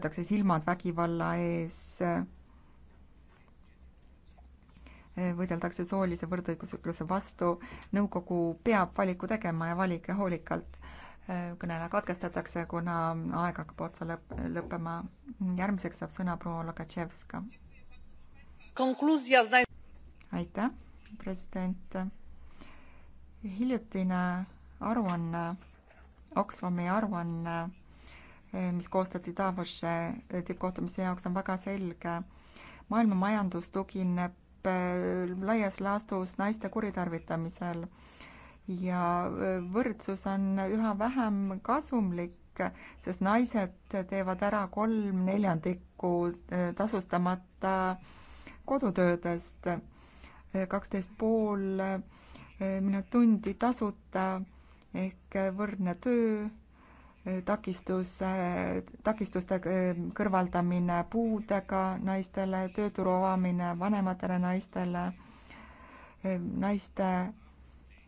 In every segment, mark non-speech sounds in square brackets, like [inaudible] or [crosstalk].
jäetakse silmad vägivalla ees, võideldakse soolise võrdõiguslikkuse vastu, nõukogu peab valiku tegema ja valige hoolikalt. Äh, kõnele katkestatakse, kuna aeg hakkab otsa lõpp, lõppema. järgmiseks saab sõna proua Lukatševska. aitäh, president. hiljutine aruanne, Oxfami aruanne mis koostati Davose tippkohtumise jaoks, on väga selge. maailma majandus tugineb äh, laias laastus naiste kuritarvitamisel ja äh, võrdsus on üha vähem kasumlik, sest naised teevad ära kolm neljandikku äh, tasustamata kodutöödest, kaksteist pool minutundi tasuta ehk võrdne töö takistus, takistuste äh, kõrvaldamine puudega naistele, tööturu avamine vanematele naistele, äh, naiste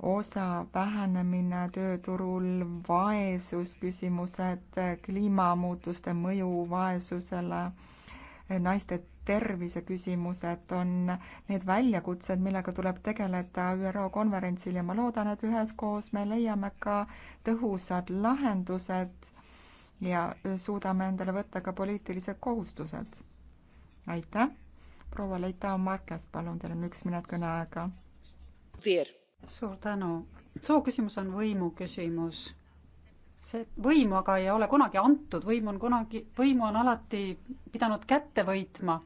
osa vähenemine tööturul, vaesusküsimused, kliimamuutuste mõju vaesusele, äh, naiste terviseküsimused on need väljakutsed, millega tuleb tegeleda ÜRO konverentsil ja ma loodan, et üheskoos me leiame ka tõhusad lahendused ja suudame endale võtta ka poliitilised kohustused. aitäh, proua Leita Markes, palun, teil on üks minut kõneaega. suur tänu. sooküsimus on võimu küsimus see võimu aga ei ole kunagi antud, võim on kunagi, võimu on alati pidanud kätte võitma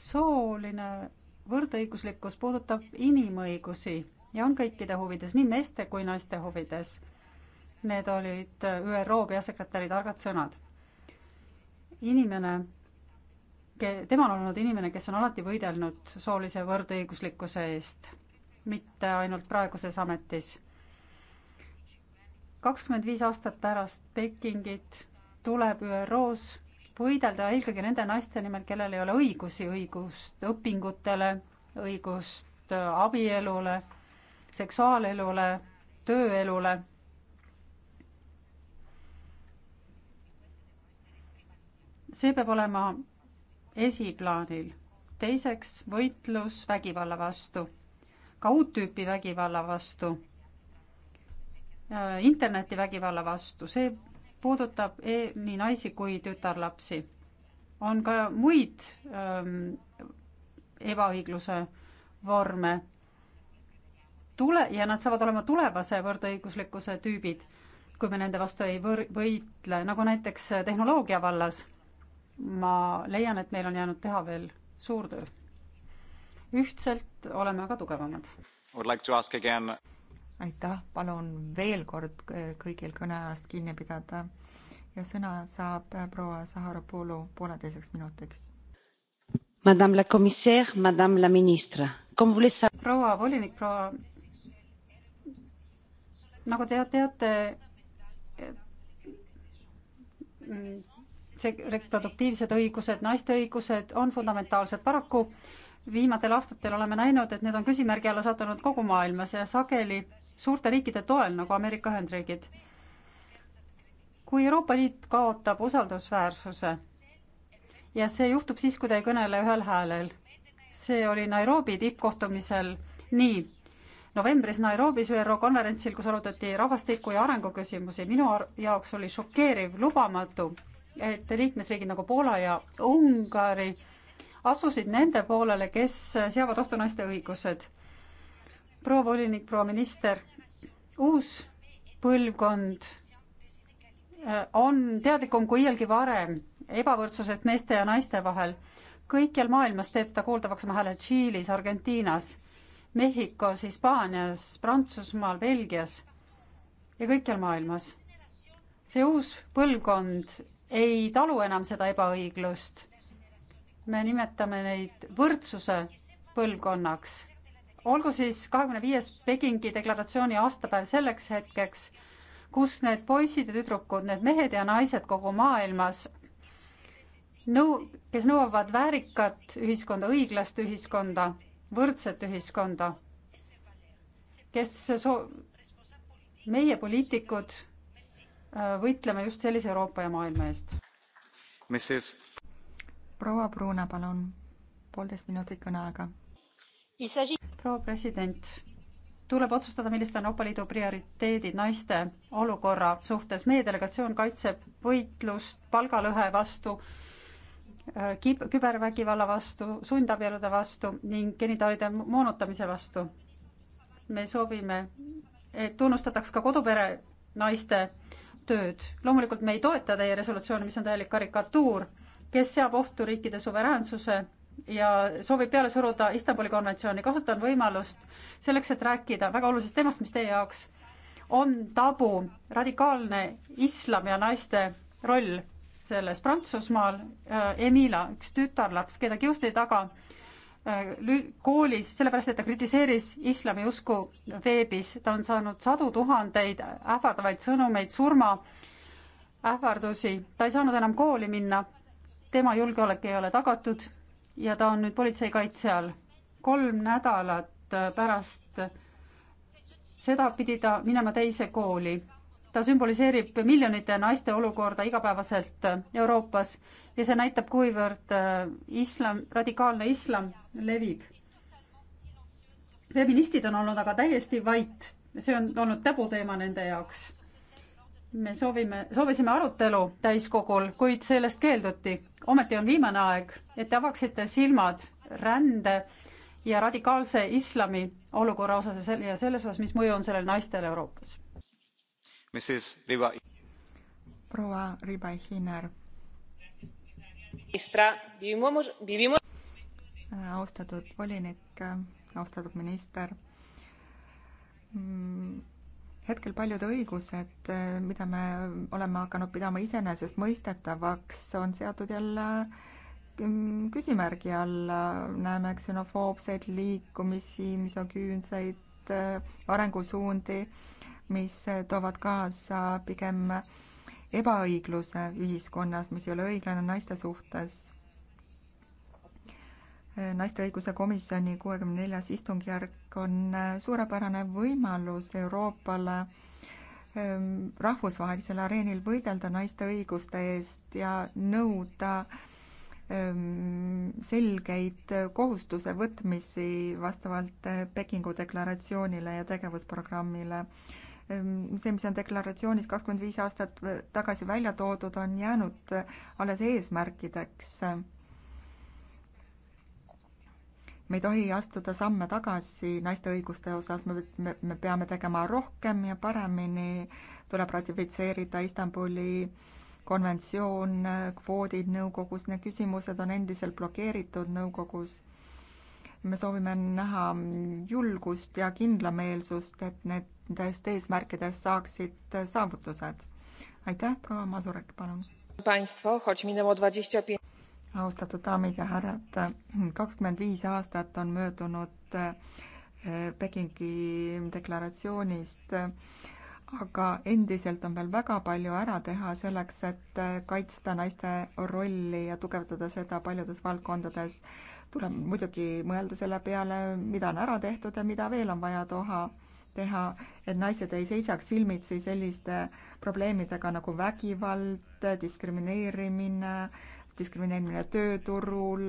sooline võrdõiguslikkus puudutab inimõigusi ja on kõikide huvides, nii meeste kui naiste huvides. Need olid ÜRO peasekretäri targad sõnad. inimene, temal on olnud inimene, kes on alati võidelnud soolise võrdõiguslikkuse eest, mitte ainult praeguses ametis. kakskümmend viis aastat pärast Pekingit tuleb ÜRO-s võidelda eelkõige nende naiste nimel, kellel ei ole õigusi, õigust õpingutele, õigust äh, abielule, seksuaalelule, tööelule. see peab olema esiplaanil. teiseks, võitlus vägivalla vastu, ka uut tüüpi vägivalla vastu, äh, internetivägivalla vastu, see puudutab e nii naisi kui tütarlapsi. on ka muid ähm, ebaõigluse vorme. tule, ja nad saavad olema tulevase võrdõiguslikkuse tüübid, kui me nende vastu ei võr-, võitle, nagu näiteks tehnoloogia vallas. ma leian, et meil on jäänud teha veel suur töö. ühtselt oleme aga tugevamad. Would like to ask again aitäh, palun veel kord kõigil kõneajast kinni pidada ja sõna saab äh, proua Saharopoulou pooleteiseks minutiks. Madame la commissaire, madame la ministre, comme vous le savez. proua volinik, proua, nagu te teate, see reproduktiivsed õigused, naiste õigused on fundamentaalsed, paraku viimatel aastatel oleme näinud, et need on küsimärgi alla sattunud kogu maailmas ja sageli suurte riikide toel, nagu Ameerika Ühendriigid. kui Euroopa Liit kaotab usaldusväärsuse ja see juhtub siis, kui ta ei kõnele ühel häälel, see oli Nairobi tippkohtumisel nii, novembris Nairobis ÜRO konverentsil, kus arutati rahvastiku ja arengu küsimusi, minu jaoks oli šokeeriv, lubamatu, et liikmesriigid nagu Poola ja Ungari asusid nende poolele, kes seavad ohtu naiste õigused proua volinik, proua minister, uus põlvkond äh, on teadlikum kui iialgi varem ebavõrdsusest meeste ja naiste vahel. kõikjal maailmas teeb ta kuuldavaks oma hääle Tšiilis, Argentiinas, Mehhikos, Hispaanias, Prantsusmaal, Belgias ja kõikjal maailmas. see uus põlvkond ei talu enam seda ebaõiglust. me nimetame neid võrdsuse põlvkonnaks olgu siis kahekümne viies Pekingi deklaratsiooni aastapäev selleks hetkeks, kus need poisid ja tüdrukud, need mehed ja naised kogu maailmas nõu-, kes nõuavad väärikat ühiskonda, õiglast ühiskonda, võrdset ühiskonda, kes soo-, meie poliitikud äh, võitleme just sellise Euroopa ja maailma eest. proua Pruuna, palun, poolteist minutit kõneaega proua president, tuleb otsustada, millised on Euroopa Liidu prioriteedid naiste olukorra suhtes. meie delegatsioon kaitseb võitlust palgalõhe vastu, äh, kib-, kübervägivalla vastu, sundabielude vastu ning genitaalide moonutamise vastu. me soovime, et tunnustataks ka kodupere naiste tööd. loomulikult me ei toeta teie resolutsiooni, mis on täielik karikatuur, kes seab ohtu riikide suveräänsuse ja soovib peale suruda Istanbuli konventsiooni. kasutan võimalust selleks, et rääkida väga olulisest teemast, mis teie jaoks on tabu, radikaalne islam ja naiste roll selles Prantsusmaal. Äh, Emila, üks tütarlaps, keda kiusti taga äh, koolis, sellepärast et ta kritiseeris islamiusku veebis, ta on saanud sadu tuhandeid ähvardavaid sõnumeid, surmaähvardusi, ta ei saanud enam kooli minna, tema julgeolek ei ole tagatud ja ta on nüüd politsei kaitse all. kolm nädalat pärast seda pidi ta minema teise kooli. ta sümboliseerib miljonite naiste olukorda igapäevaselt Euroopas ja see näitab, kuivõrd äh, islam, radikaalne islam levib. feministid on olnud aga täiesti vait, see on olnud tabuteema nende jaoks me soovime, soovisime arutelu täiskogul, kuid sellest keelduti. ometi on viimane aeg, et te avaksite silmad rände ja radikaalse islami olukorra osas ja selles osas, mis mõju on sellel naistel Euroopas. proua Ribai-Hinner. austatud volinik, austatud minister mm hetkel paljud õigused, eh, mida me oleme hakanud pidama iseenesestmõistetavaks, on seatud jälle mm, küsimärgi alla, näeme ksenofoobseid liikumisi, misoküünseid eh, arengusuundi, mis toovad kaasa pigem ebaõigluse ühiskonnas, mis ei ole õiglane naiste suhtes Äh, naiste õiguse komisjoni kuuekümne neljas istungjärk on äh, suurepärane võimalus Euroopale ähm, rahvusvahelisel areenil võidelda naiste õiguste eest ja nõuda ähm, selgeid äh, kohustuse võtmisi vastavalt Pekingu deklaratsioonile ja tegevusprogrammile. Ähm, see, mis on deklaratsioonis kakskümmend viis aastat tagasi välja toodud, on jäänud alles eesmärkideks me ei tohi astuda samme tagasi naiste õiguste osas, me, me, me peame tegema rohkem ja paremini, tuleb ratifitseerida Istanbuli konventsioon, kvoodid nõukogus, need küsimused on endiselt blokeeritud nõukogus. me soovime näha julgust ja kindlameelsust, et nendest eesmärkidest saaksid saavutused. aitäh, proua Masurek, palun! austatud daamid ja härrad, kakskümmend viis aastat on möödunud eh, Pekingi deklaratsioonist, aga endiselt on veel väga palju ära teha selleks, et eh, kaitsta naiste rolli ja tugevdada seda paljudes valdkondades. tuleb muidugi mõelda selle peale, mida on ära tehtud ja mida veel on vaja toha teha, et naised ei seisaks silmitsi selliste probleemidega nagu vägivald, diskrimineerimine, diskrimineerimine tööturul,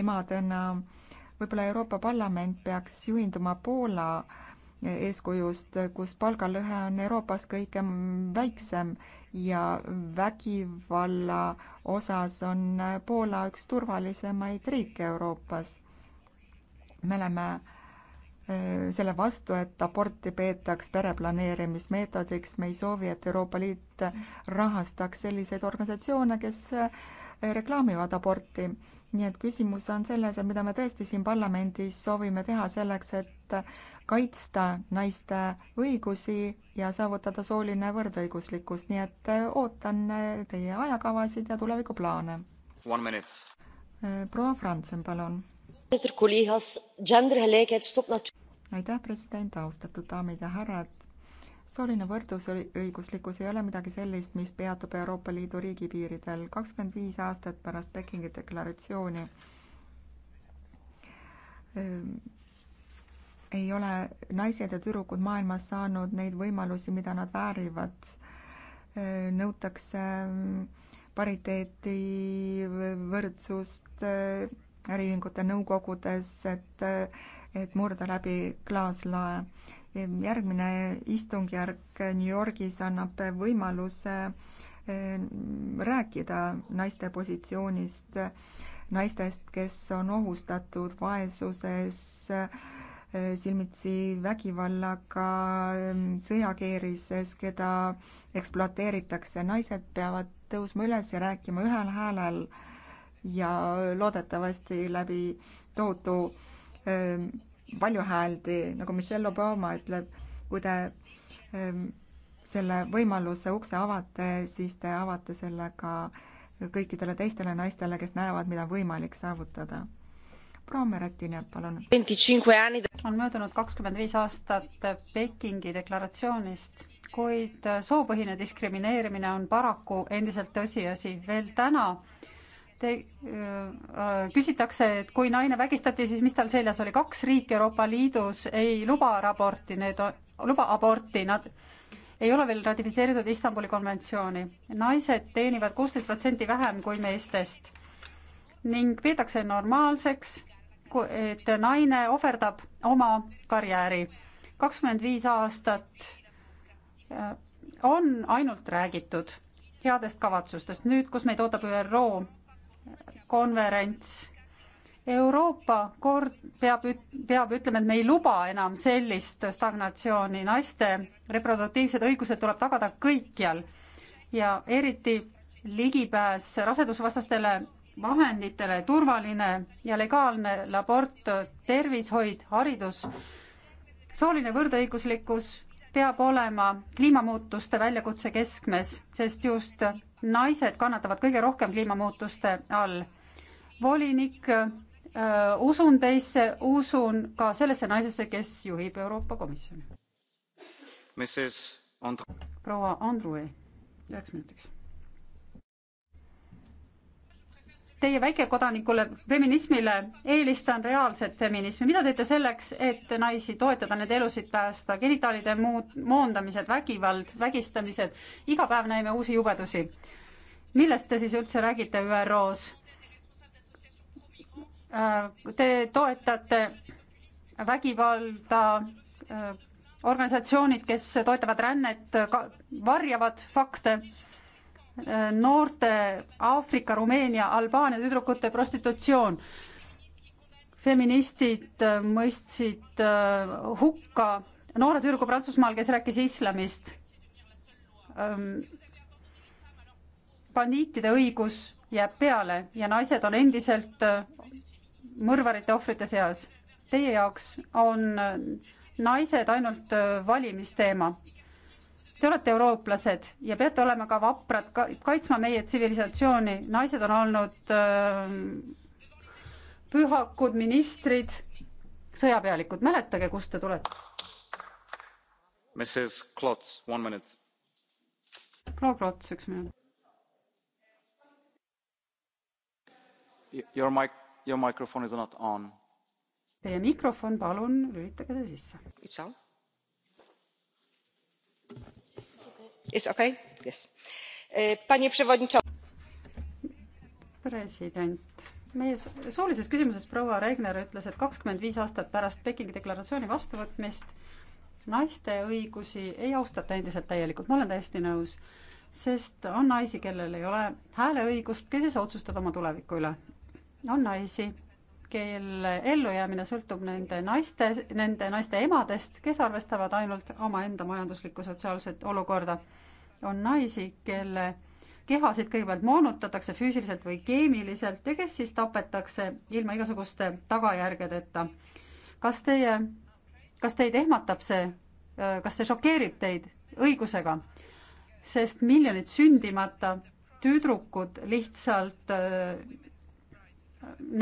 emadena. võib-olla Euroopa Parlament peaks juhinduma Poola eeskujust, kus palgalõhe on Euroopas kõige väiksem ja vägivalla osas on Poola üks turvalisemaid riike Euroopas. me oleme äh, selle vastu, et aborti peetaks pereplaneerimismeetodiks, me ei soovi, et Euroopa Liit rahastaks selliseid organisatsioone, kes äh, reklaamivad aborti. nii et küsimus on selles, et mida me tõesti siin parlamendis soovime teha selleks, et kaitsta naiste õigusi ja saavutada sooline võrdõiguslikkus, nii et äh, ootan äh, teie ajakavasid ja tulevikuplaane. Äh, proua Franzen, palun. aitäh, president, austatud daamid ja härrad sooline võrdusõiguslikkus ei ole midagi sellist, mis peatub Euroopa Liidu riigipiiridel kakskümmend viis aastat pärast Pekingi deklaratsiooni. Ehm, ei ole naised ja tüdrukud maailmas saanud neid võimalusi, mida nad väärivad. Ehm, nõutakse ehm, pariteeti, võrdsust äriühingute nõukogudes, et, et murda läbi klaaslae järgmine istungjärk New Yorgis annab võimaluse eh, rääkida naiste positsioonist, naistest, kes on ohustatud vaesuses, eh, silmitsi vägivallaga, sõjakeerises, keda ekspluateeritakse. naised peavad tõusma üles ja rääkima ühel häälel ja loodetavasti läbi tohutu eh, palju hääldi, nagu Michelle Obama ütleb, kui te ehm, selle võimaluse ukse avate, siis te avate selle ka kõikidele teistele naistele, kes näevad, mida on võimalik saavutada. proua Meretine, palun. on möödunud kakskümmend viis aastat Pekingi deklaratsioonist, kuid soopõhine diskrimineerimine on paraku endiselt tõsiasi. veel täna te, äh, äh, küsitakse, et kui naine vägistati, siis mis tal seljas oli, kaks riiki Euroopa Liidus ei luba aborti, need luba aborti, nad ei ole veel ratifitseeritud Istanbuli konventsiooni. naised teenivad kuusteist protsenti vähem kui meestest ning peetakse normaalseks, et naine ohverdab oma karjääri. kakskümmend viis aastat äh, on ainult räägitud headest kavatsustest. nüüd, kus meid ootab ÜRO konverents. Euroopa kord peab, peab ütlema, et me ei luba enam sellist stagnatsiooni, naiste reproduktiivsed õigused tuleb tagada kõikjal ja eriti ligipääs rasedusvastastele vahenditele, turvaline ja legaalne abort, tervishoid, haridus, sooline võrdõiguslikkus peab olema kliimamuutuste väljakutse keskmes, sest just naised kannatavad kõige rohkem kliimamuutuste all volinik äh,, usun teisse, usun ka sellesse naisesse, kes juhib Euroopa Komisjoni. proua Andrui, üheks minutiks. Teie väikekodanikule feminismile eelistan reaalset feminismi, mida teete selleks, et naisi toetada, nende elusid päästa, genitaalide muud, moondamised, vägivald, vägistamised, iga päev näeme uusi jubedusi millest te siis üldse räägite ÜRO-s? Äh, te toetate vägivalda, äh, organisatsioonid, kes toetavad rännet, varjavad fakte, äh, noorte Aafrika, Rumeenia, Albaania tüdrukute prostitutsioon feministid mõistsid hukka noore tüdruku Prantsusmaal, kes rääkis islamist. Ähm, bandiitide õigus jääb peale ja naised on endiselt mõrvarite ohvrite seas. Teie jaoks on naised ainult äh, valimisteema. Te olete eurooplased ja peate olema ka vaprad ka, kaitsma meie tsivilisatsiooni. naised on olnud äh, pühakud, ministrid, sõjapealikud. mäletage, kust te tulete. Mrs Klots, one minute. proua Klots, üks minut. Your mic Your microphone is not on. Teie mikrofon, palun lülitage see sisse. It's on. It's okay? Yes. E, panie przewodniczący. President meie soolises küsimuses proua Regner ütles, et kakskümmend viis aastat pärast Pekingi deklaratsiooni vastuvõtmist naiste õigusi ei austata endiselt täielikult, ma olen täiesti nõus. sest on naisi, kellel ei ole hääleõigust, kes ei saa otsustada oma tuleviku üle on naisi, kelle ellujäämine sõltub nende naiste, nende naiste emadest, kes arvestavad ainult omaenda majanduslikku sotsiaalset olukorda. on naisi, kelle kehasid kõigepealt moonutatakse füüsiliselt või keemiliselt ja kes siis tapetakse ilma igasuguste tagajärgedeta. kas teie, kas teid ehmatab see, kas see šokeerib teid õigusega? sest miljonid sündimata tüdrukud lihtsalt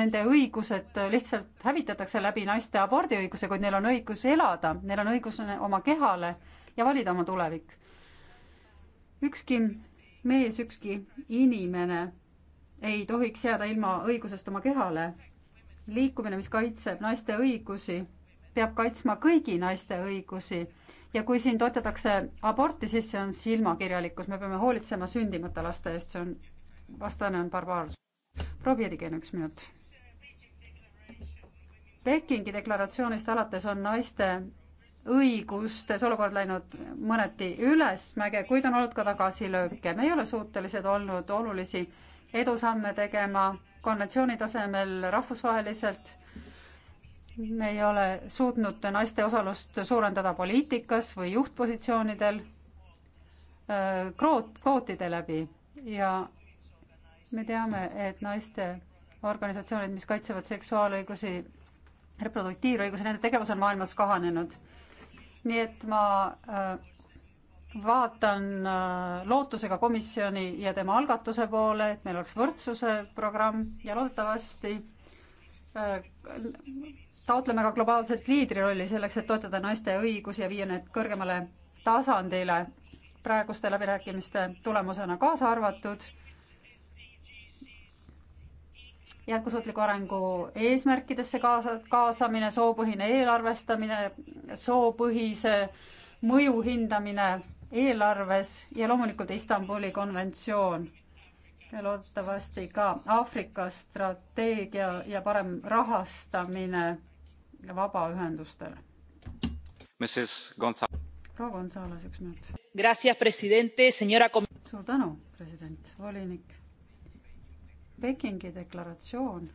nende õigused lihtsalt hävitatakse läbi naiste abordiõiguse, kuid neil on õigus elada, neil on õigus oma kehale ja valida oma tulevik. ükski mees, ükski inimene ei tohiks jääda ilma õigusest oma kehale. liikumine, mis kaitseb naiste õigusi, peab kaitsma kõigi naiste õigusi ja kui siin toetatakse aborti, siis see on silmakirjalikkus, me peame hoolitsema sündimata laste eest, see on, vastane on barbaarsus proua Piedigen, üks minut. Pekingi deklaratsioonist alates on naiste õigustes olukord läinud mõneti ülesmäge, kuid on olnud ka tagasilööke. me ei ole suutelised olnud olulisi edusamme tegema konventsiooni tasemel rahvusvaheliselt. me ei ole suutnud naiste osalust suurendada poliitikas või juhtpositsioonidel äh, kroot, kvootide läbi ja me teame, et naiste organisatsioonid, mis kaitsevad seksuaalõigusi, reproduktiivõigusi, nende tegevus on maailmas kahanenud. nii et ma äh, vaatan äh, lootusega komisjoni ja tema algatuse poole, et meil oleks võrdsuse programm ja loodetavasti äh, taotleme ka globaalset liidrirolli selleks, et toetada naiste õigusi ja viia need kõrgemale tasandile praeguste läbirääkimiste tulemusena kaasa arvatud jätkusuutliku arengu eesmärkidesse kaasa, kaasamine, soopõhine eelarvestamine, soopõhise mõju hindamine eelarves ja loomulikult Istanbuli konventsioon. ja loodetavasti ka Aafrika strateegia ja parem rahastamine vabaühendustele. proua Gonzales, üks minut. suur tänu, president, volinik Pekingi deklaratsioon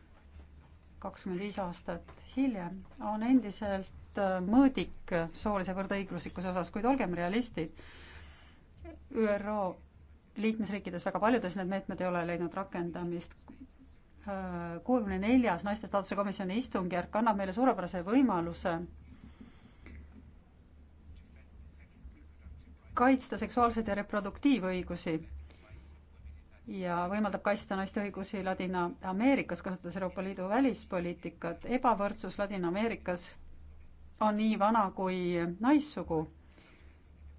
kakskümmend viis aastat hiljem on endiselt äh, mõõdik soolise võrdõiguslikkuse osas, kuid olgem realistid, ÜRO liikmesriikides väga paljudes need meetmed ei ole leidnud rakendamist. Äh, kuuekümne neljas naiste staatuse komisjoni istungjärk annab meile suurepärase võimaluse kaitsta seksuaalseid ja reproduktiivõigusi ja võimaldab kaitsta naiste õigusi Ladina-Ameerikas, kasutades Euroopa Liidu välispoliitikat. ebavõrdsus Ladina-Ameerikas on nii vana kui naissugu.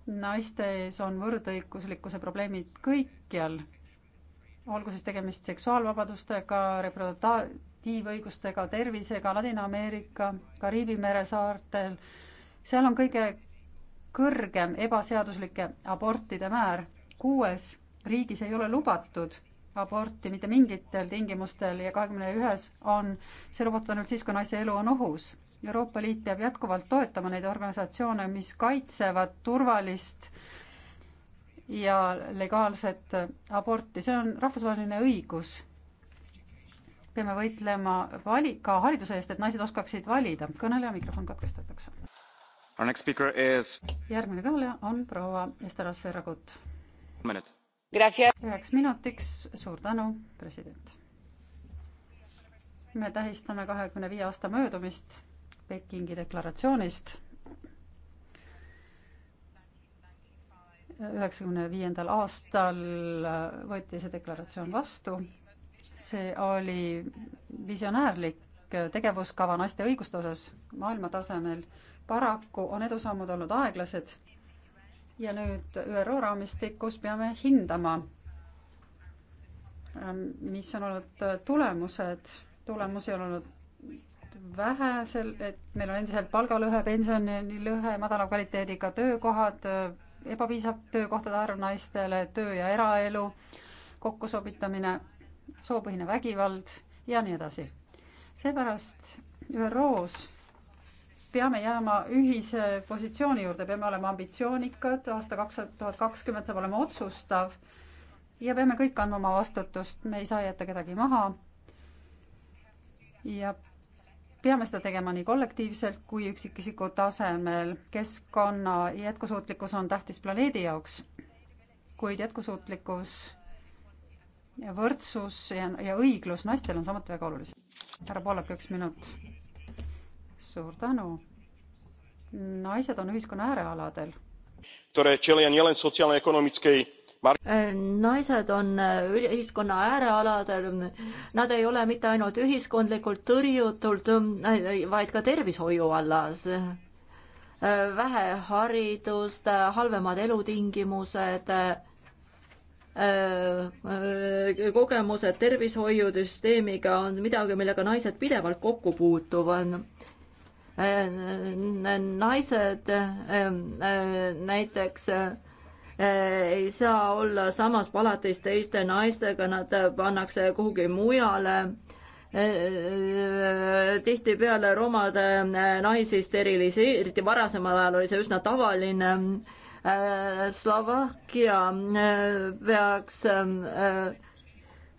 naiste ees on võrdõiguslikkuse probleemid kõikjal, olgu siis tegemist seksuaalvabadustega, reproduktiivõigustega, tervisega Ladina-Ameerika, Kariibi mere saartel, seal on kõige kõrgem ebaseaduslike abortide määr, kuues riigis ei ole lubatud aborti mitte mingitel tingimustel ja kahekümne ühes on see lubatud ainult siis, kui naise elu on ohus. Euroopa Liit peab jätkuvalt toetama neid organisatsioone, mis kaitsevad turvalist ja legaalset aborti, see on rahvusvaheline õigus. peame võitlema vali-, ka hariduse eest, et naised oskaksid valida. kõneleja mikrofon katkestatakse. Is... järgmine kõneleja on proua Ester Asferagut. minut üheks minutiks, suur tänu, president. me tähistame kahekümne viie aasta möödumist Pekingi deklaratsioonist. üheksakümne viiendal aastal võeti see deklaratsioon vastu. see oli visionäärlik tegevuskava naiste õiguste osas maailma tasemel. paraku on edusammud olnud aeglased ja nüüd ÜRO raamistikus peame hindama, ähm, mis on olnud äh, tulemused, tulemusi on olnud vähe sel, et meil on endiselt palgalõhe, pensionilõhe, madala kvaliteediga töökohad, äh, ebapiisav töökohtade arv naistele, töö ja eraelu kokkusobitamine, soopõhine vägivald ja nii edasi. seepärast ÜRO-s peame jääma ühise positsiooni juurde, peame olema ambitsioonikad, aasta kaks tuhat kakskümmend saab olema otsustav ja peame kõik andma oma vastutust, me ei saa jätta kedagi maha. ja peame seda tegema nii kollektiivselt kui üksikisiku tasemel. keskkonna jätkusuutlikkus on tähtis planeedi jaoks, kuid jätkusuutlikkus ja võrdsus ja, ja õiglus naistel on samuti väga olulised. härra Poolak, üks minut suur tänu. naised on ühiskonna äärealadel. Äh, naised on äh, ühiskonna äärealadel, nad ei ole mitte ainult ühiskondlikult tõrjutult, äh, vaid ka tervishoiu allas vähe haridust, halvemad elutingimused, kogemused tervishoiusüsteemiga on midagi, millega naised pidevalt kokku puutuvad naised ähm, äh, näiteks äh, ei saa olla samas palatis teiste naistega, nad pannakse kuhugi mujale. Äh, tihtipeale romade naisi steriliseeriti, varasemal ajal oli see üsna tavaline. Slovakkia peaks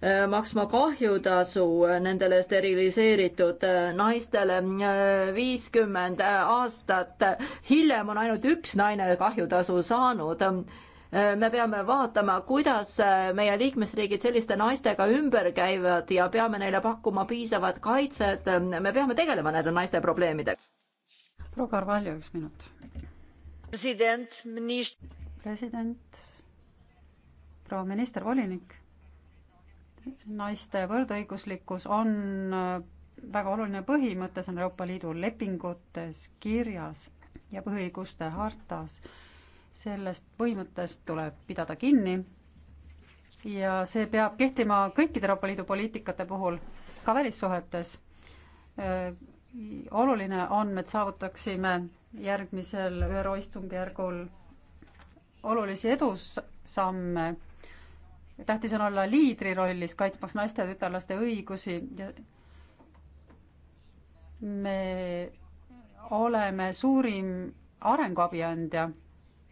Äh, maksma kahjutasu nendele steriliseeritud äh, naistele. Äh, viiskümmend aastat hiljem on ainult üks naine kahjutasu saanud. me peame vaatama, kuidas meie liikmesriigid selliste naistega ümber käivad ja peame neile pakkuma piisavat kaitset. me peame tegelema nende naiste probleemidega. proua Carvalho, üks minut. president, minister. president, proua minister, volinik naiste võrdõiguslikkus on äh, väga oluline põhimõte, see on Euroopa Liidu lepingutes kirjas ja põhiõiguste hartas. sellest põhimõttest tuleb pidada kinni ja see peab kehtima kõikide Euroopa Liidu poliitikate puhul, ka välissuhetes. Äh, oluline on, et saavutaksime järgmisel ÜRO istungjärgul olulisi edusamme tähtis on olla liidri rollis, kaitsmaks naiste ja tütarlaste õigusi ja me oleme suurim arenguabi andja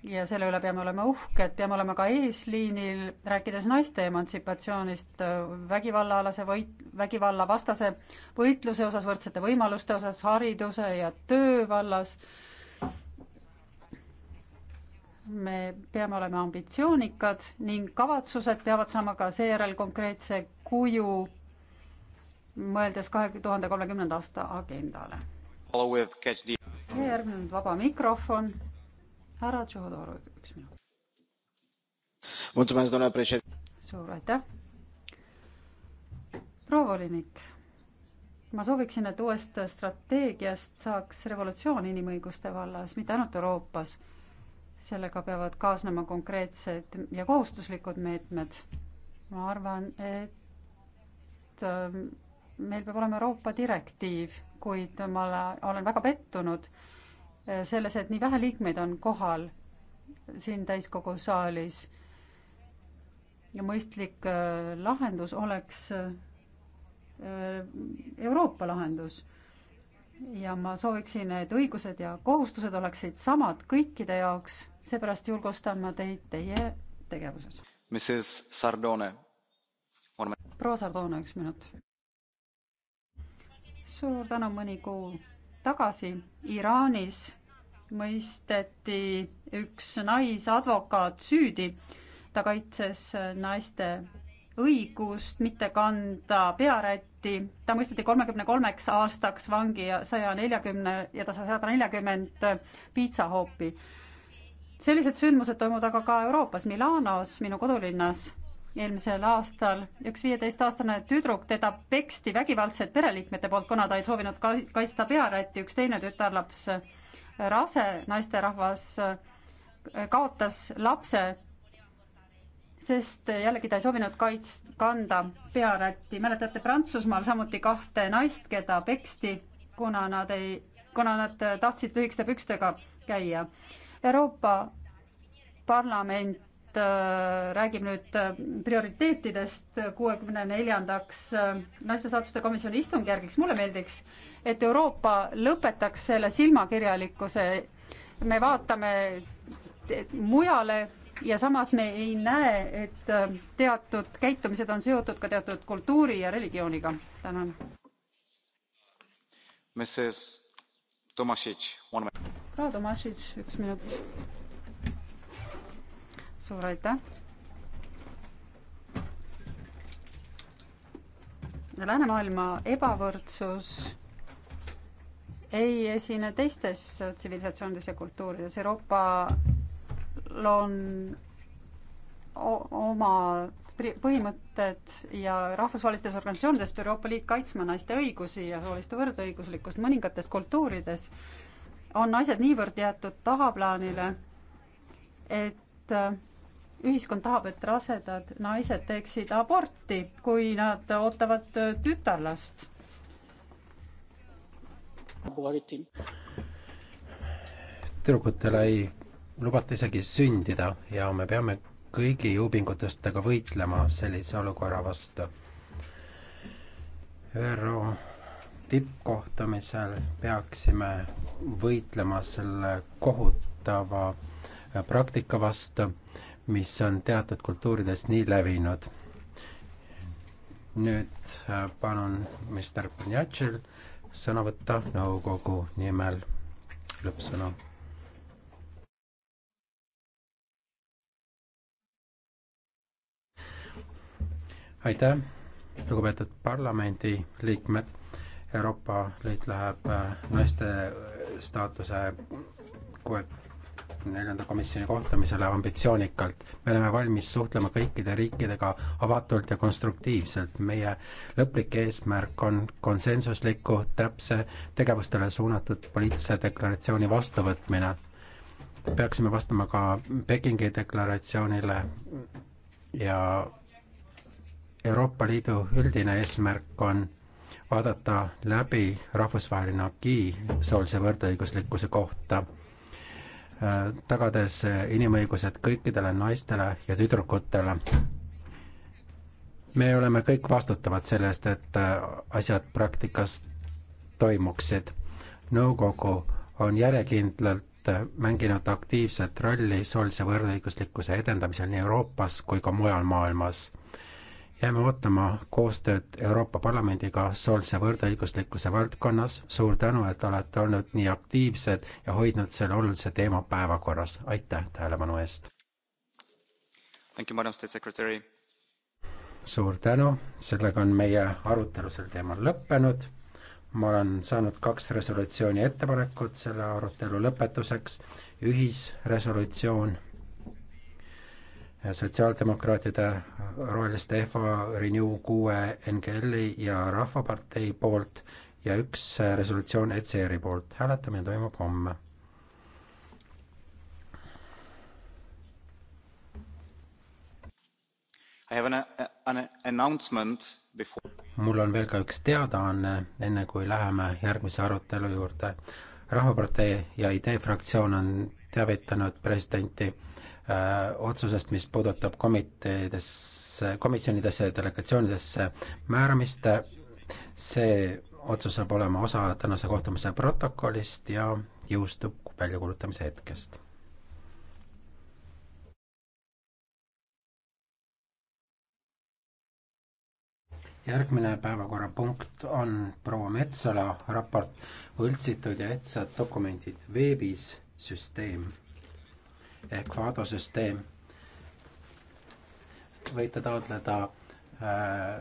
ja selle üle peame olema uhked, peame olema ka eesliinil, rääkides naiste emantsipatsioonist, vägivallaalase võit, vägivallavastase võitluse osas, võrdsete võimaluste osas, hariduse ja töö vallas me peame olema ambitsioonikad ning kavatsused peavad saama ka seejärel konkreetse kuju, mõeldes kahe tuhande kolmekümnenda aasta agendale. ja järgmine nüüd vaba mikrofon. härra Tšohodoru, üks minut. suur aitäh. proua volinik, ma sooviksin, et uuest strateegiast saaks revolutsioon inimõiguste vallas, mitte ainult Euroopas sellega peavad kaasnema konkreetsed ja kohustuslikud meetmed. ma arvan, et ähm, meil peab olema Euroopa direktiiv, kuid ma olen väga pettunud äh, selles, et nii vähe liikmeid on kohal siin täiskogu saalis. ja mõistlik äh, lahendus oleks äh, Euroopa lahendus ja ma sooviksin, et õigused ja kohustused oleksid samad kõikide jaoks, seepärast julgustan ma teid teie tegevuses. proua Sardone, üks minut. suur tänu, mõni kuu tagasi Iraanis mõisteti üks naisadvokaat süüdi. ta kaitses naiste õigust mitte kanda pearätti. ta mõisteti kolmekümne kolmeks aastaks vangi ja saja neljakümne ja ta sai sada neljakümmend piitsahoopi. sellised sündmused toimuvad aga ka Euroopas, Milanos, minu kodulinnas eelmisel aastal üks viieteistaastane tüdruk, teda peksti vägivaldselt pereliikmete poolt, kuna ta ei soovinud ka kaitsta pearätti, üks teine tütarlaps, rase naisterahvas kaotas lapse sest jällegi ta ei soovinud kaits-, kanda pearätti. mäletate Prantsusmaal samuti kahte naist, keda peksti, kuna nad ei, kuna nad tahtsid lühikeste pükstega käia. Euroopa Parlament äh, räägib nüüd äh, prioriteetidest kuuekümne neljandaks äh, naiste saatuste komisjoni istungjärgiks. mulle meeldiks, et Euroopa lõpetaks selle silmakirjalikkuse. me vaatame mujale ja samas me ei näe, et äh, teatud käitumised on seotud ka teatud kultuuri ja religiooniga. tänan. proua Tomašitš, üks minut. suur aitäh. läänemaailma ebavõrdsus ei esine teistes tsivilisatsioonides ja kultuurides. Euroopa on oma põhimõtted ja rahvusvahelistes organisatsioonides peab Euroopa Liit kaitsma naiste õigusi ja soolist võrdõiguslikkust. mõningates kultuurides on asjad niivõrd jäetud tahaplaanile, et äh, ühiskond tahab, et rasedad naised teeksid aborti, kui nad ootavad äh, tütarlast. tüdrukutele ei lubata isegi sündida ja me peame kõigi jõupingutustega võitlema sellise olukorra vastu. ÜRO tippkohtumisel peaksime võitlema selle kohutava praktika vastu, mis on teatud kultuurides nii levinud. nüüd äh, palun minister Punjatšil sõna võtta nõukogu nimel lõppsõna aitäh, lugupeetud parlamendi liikmed. Euroopa Liit läheb äh, naiste staatuse kuue neljanda komisjoni kohtumisele ambitsioonikalt. me oleme valmis suhtlema kõikide riikidega avatult ja konstruktiivselt. meie lõplik eesmärk on konsensusliku, täpse, tegevustele suunatud poliitilise deklaratsiooni vastuvõtmine. peaksime vastama ka Pekingi deklaratsioonile ja Euroopa Liidu üldine eesmärk on vaadata läbi rahvusvaheline agii soolise võrdõiguslikkuse kohta, äh, tagades inimõigused kõikidele naistele ja tüdrukutele. me oleme kõik vastutavad selle eest, et äh, asjad praktikas toimuksid. nõukogu on järjekindlalt mänginud aktiivset rolli soolise võrdõiguslikkuse edendamisel nii Euroopas kui ka mujal maailmas jääme ootama koostööd Euroopa Parlamendiga soolise võrdõiguslikkuse valdkonnas. suur tänu, et olete olnud nii aktiivsed ja hoidnud selle olulise teema päevakorras. aitäh tähelepanu eest! suur tänu, sellega on meie arutelu sel teemal lõppenud. ma olen saanud kaks resolutsiooni ettepanekut selle arutelu lõpetuseks. ühisresolutsioon sotsiaaldemokraatide, Roheliste EFA, Renew kuue, NGL-i ja Rahvapartei poolt ja üks resolutsioon ECR-i poolt. hääletamine toimub homme. mul on veel ka üks teadaanne, enne kui läheme järgmise arutelu juurde. rahvapartei ja Idee fraktsioon on teavitanud presidenti äh, Äh, otsusest, mis puudutab komiteedesse, komisjonidesse ja delegatsioonidesse määramist. see otsus saab olema osa tänase kohtumise protokollist ja jõustub väljakuulutamise hetkest järgmine päevakorrapunkt on proua Metsala raport Võltsitud ja etsad dokumendid veebis, süsteem ehk Vaado süsteem. võite taotleda äh,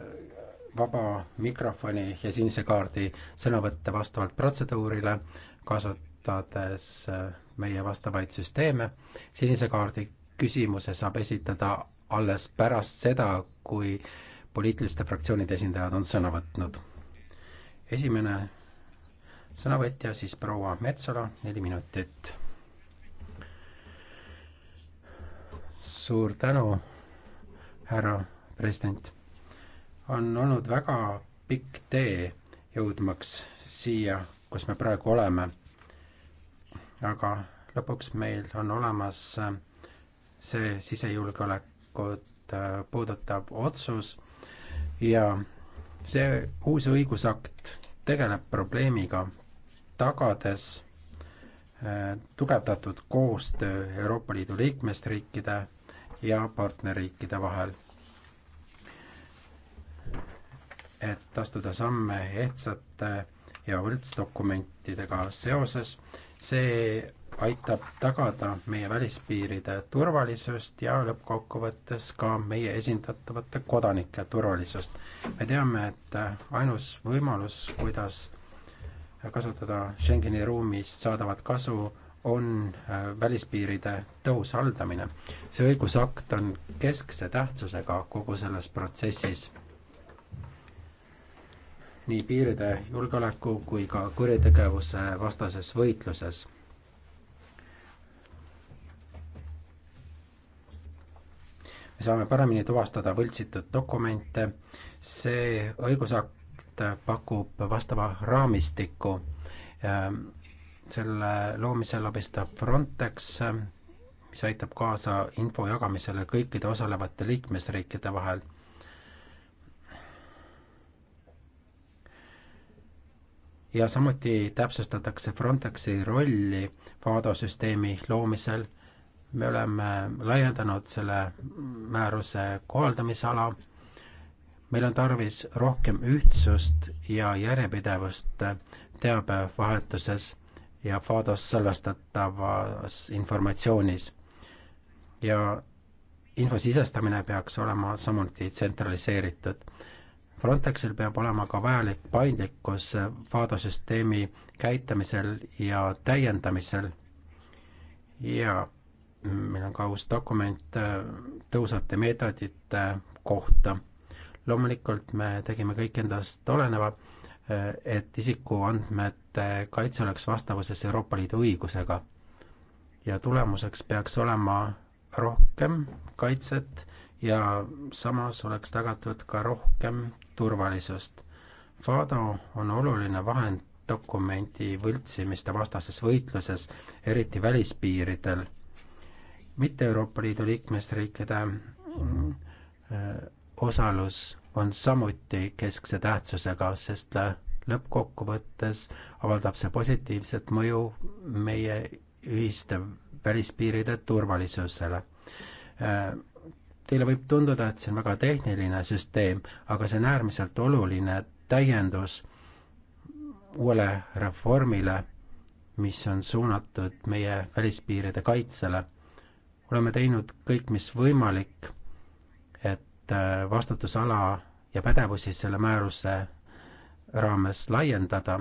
vaba mikrofoni ja sinise kaardi sõnavõtte vastavalt protseduurile, kasutades äh, meie vastavaid süsteeme. sinise kaardi küsimuse saab esitada alles pärast seda, kui poliitiliste fraktsioonide esindajad on sõna võtnud. esimene sõnavõtja siis proua Metsola, neli minutit suur tänu, härra president. on olnud väga pikk tee jõudmaks siia, kus me praegu oleme. aga lõpuks meil on olemas see sisejulgeolekut äh, puudutav otsus ja see uus õigusakt tegeleb probleemiga, tagades äh, tugevdatud koostöö Euroopa Liidu liikmesriikide ja partnerriikide vahel. et astuda samme ehtsate ja võltsdokumentidega seoses, see aitab tagada meie välispiiride turvalisust ja lõppkokkuvõttes ka meie esindatavate kodanike turvalisust. me teame, et ainus võimalus, kuidas kasutada Schengeni ruumist saadavat kasu on äh, välispiiride tõhus haldamine. see õigusakt on keskse tähtsusega kogu selles protsessis. nii piiride julgeoleku kui ka kuritegevuse vastases võitluses. me saame paremini tuvastada võltsitud dokumente, see õigusakt pakub vastava raamistiku ähm, selle loomisel abistab Frontex, mis aitab kaasa info jagamisele kõikide osalevate liikmesriikide vahel. ja samuti täpsustatakse Frontexi rolli FADO süsteemi loomisel. me oleme laiendanud selle määruse kohaldamisala meil on tarvis rohkem ühtsust ja järjepidevust teabevahetuses ja FADOS salastatavas informatsioonis. ja info sisestamine peaks olema samuti tsentraliseeritud. Frontexil peab olema ka vajalik paindlikkus FADO süsteemi käitamisel ja täiendamisel ja meil on ka uus dokument äh, tõusvate meetodite kohta. loomulikult me tegime kõik endast oleneva et isikuandmete kaitse oleks vastavuses Euroopa Liidu õigusega. ja tulemuseks peaks olema rohkem kaitset ja samas oleks tagatud ka rohkem turvalisust. FADO on oluline vahend dokumendi võltsimiste vastases võitluses, eriti välispiiridel. mitte Euroopa Liidu liikmesriikide mm, äh, osalus on samuti keskse tähtsusega, sest lõppkokkuvõttes avaldab see positiivset mõju meie ühiste välispiiride turvalisusele. Teile võib tunduda, et see on väga tehniline süsteem, aga see on äärmiselt oluline täiendus uuele reformile, mis on suunatud meie välispiiride kaitsele. oleme teinud kõik, mis võimalik, et Äh, vastutusala ja pädevusi selle määruse raames laiendada,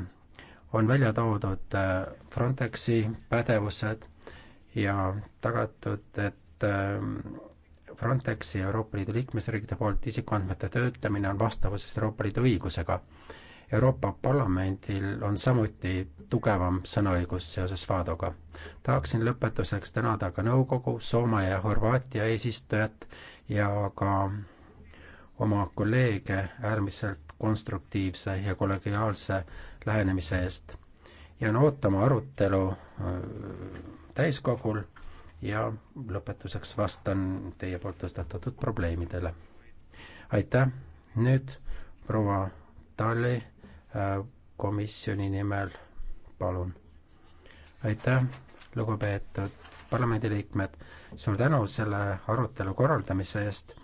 on välja toodud äh, Frontexi pädevused ja tagatud, et äh, Frontexi Euroopa Liidu liikmesriikide poolt isikuandmete töötlemine on vastavuses Euroopa Liidu õigusega. Euroopa Parlamendil on samuti tugevam sõnaõigus seoses FADO-ga. tahaksin lõpetuseks tänada ka nõukogu, Soome ja Horvaatia eesistujat ja ka oma kolleege äärmiselt konstruktiivse ja kollegiaalse lähenemise eest. jään ootama arutelu äh, täiskogul ja lõpetuseks vastan teie poolt tõstatatud probleemidele. aitäh, nüüd proua Tali äh, komisjoni nimel, palun. aitäh, lugupeetud parlamendiliikmed, suur tänu selle arutelu korraldamise eest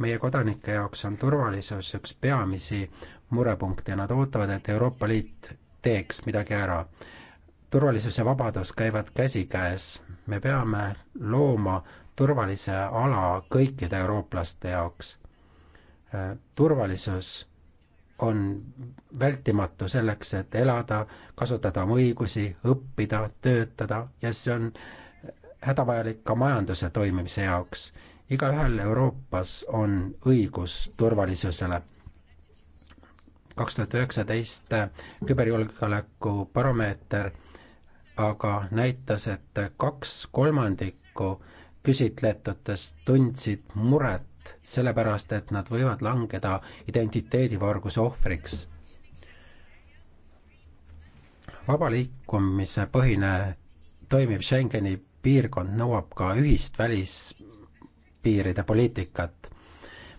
meie kodanike jaoks on turvalisus üks peamisi murepunkte ja nad ootavad, et Euroopa Liit teeks midagi ära. turvalisus ja vabadus käivad käsikäes, me peame looma turvalise ala kõikide eurooplaste jaoks. turvalisus on vältimatu selleks, et elada, kasutada oma õigusi, õppida, töötada ja see on hädavajalik ka majanduse toimimise jaoks igaühel Euroopas on õigus turvalisusele. kaks tuhat üheksateist küberjulgeoleku baromeeter aga näitas, et kaks kolmandikku küsitletutest tundsid muret sellepärast, et nad võivad langeda identiteedivarguse ohvriks. vaba liikumise põhine toimiv Schengeni piirkond nõuab ka ühist välis- piiride poliitikat.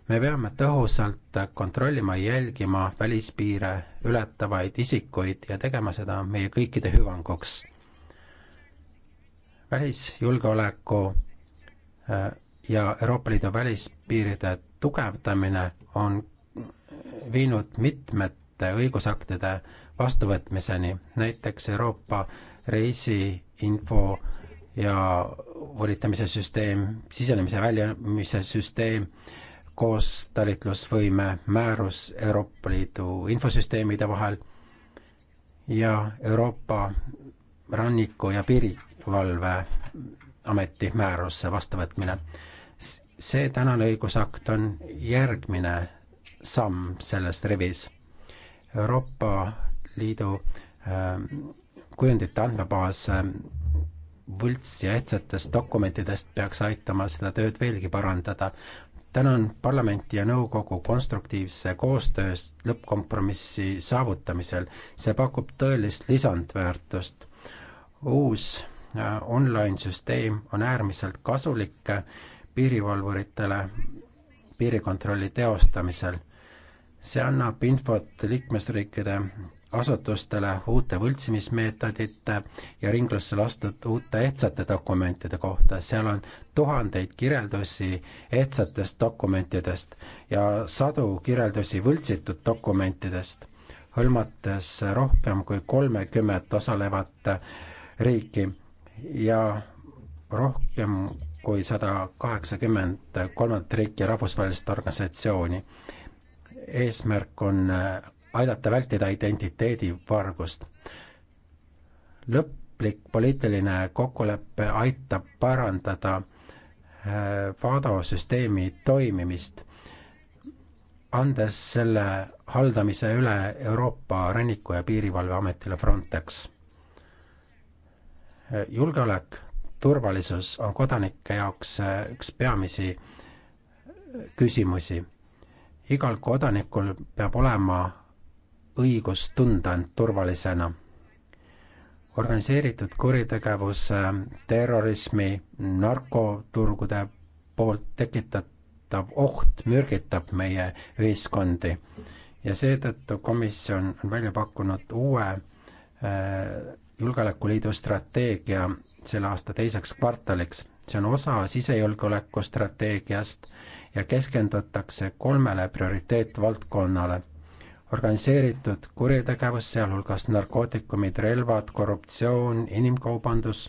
me peame tõhusalt kontrollima ja jälgima välispiire ületavaid isikuid ja tegema seda meie kõikide hüvanguks. välisjulgeoleku äh, ja Euroopa Liidu välispiiride tugevdamine on viinud mitmete õigusaktide vastuvõtmiseni, näiteks Euroopa reisiinfo ja volitamise süsteem, sisenemise ja väljumise süsteem, koos talitlusvõime määrus Euroopa Liidu infosüsteemide vahel ja Euroopa Ranniku- ja Piirivalveameti määruse vastuvõtmine. see tänane õigusakt on järgmine samm selles rivis. Euroopa Liidu äh, kujundite andmebaas äh, võlts ja etsetest dokumentidest peaks aitama seda tööd veelgi parandada. tänan parlamenti ja nõukogu konstruktiivse koostööst lõppkompromissi saavutamisel, see pakub tõelist lisandväärtust. uus äh, online-süsteem on äärmiselt kasulik piirivalvuritele piirikontrolli teostamisel. see annab infot liikmesriikide asutustele uute võltsimismeetodite ja ringlusse lastud uute ehtsate dokumentide kohta. seal on tuhandeid kirjeldusi ehtsatest dokumentidest ja sadu kirjeldusi võltsitud dokumentidest, hõlmates rohkem kui kolmekümmet osalevat riiki ja rohkem kui sada kaheksakümmend kolmandat riiki ja rahvusvahelist organisatsiooni. eesmärk on aidata vältida identiteedivargust. lõplik poliitiline kokkulepe aitab parandada äh, FADO süsteemi toimimist, andes selle haldamise üle Euroopa Ranniku- ja Piirivalveametile Frontex. Äh, julgeolek, turvalisus on kodanike jaoks äh, üks peamisi küsimusi. igal kodanikul peab olema õigus tunda end turvalisena. organiseeritud kuritegevus terrorismi, narkoturgude poolt tekitatav oht mürgitab meie ühiskondi ja seetõttu komisjon on välja pakkunud uue äh, julgeolekuliidu strateegia selle aasta teiseks kvartaliks. see on osa sisejulgeoleku strateegiast ja keskendutakse kolmele prioriteetvaldkonnale organiseeritud kuritegevus, sealhulgas narkootikumid, relvad, korruptsioon, inimkaubandus,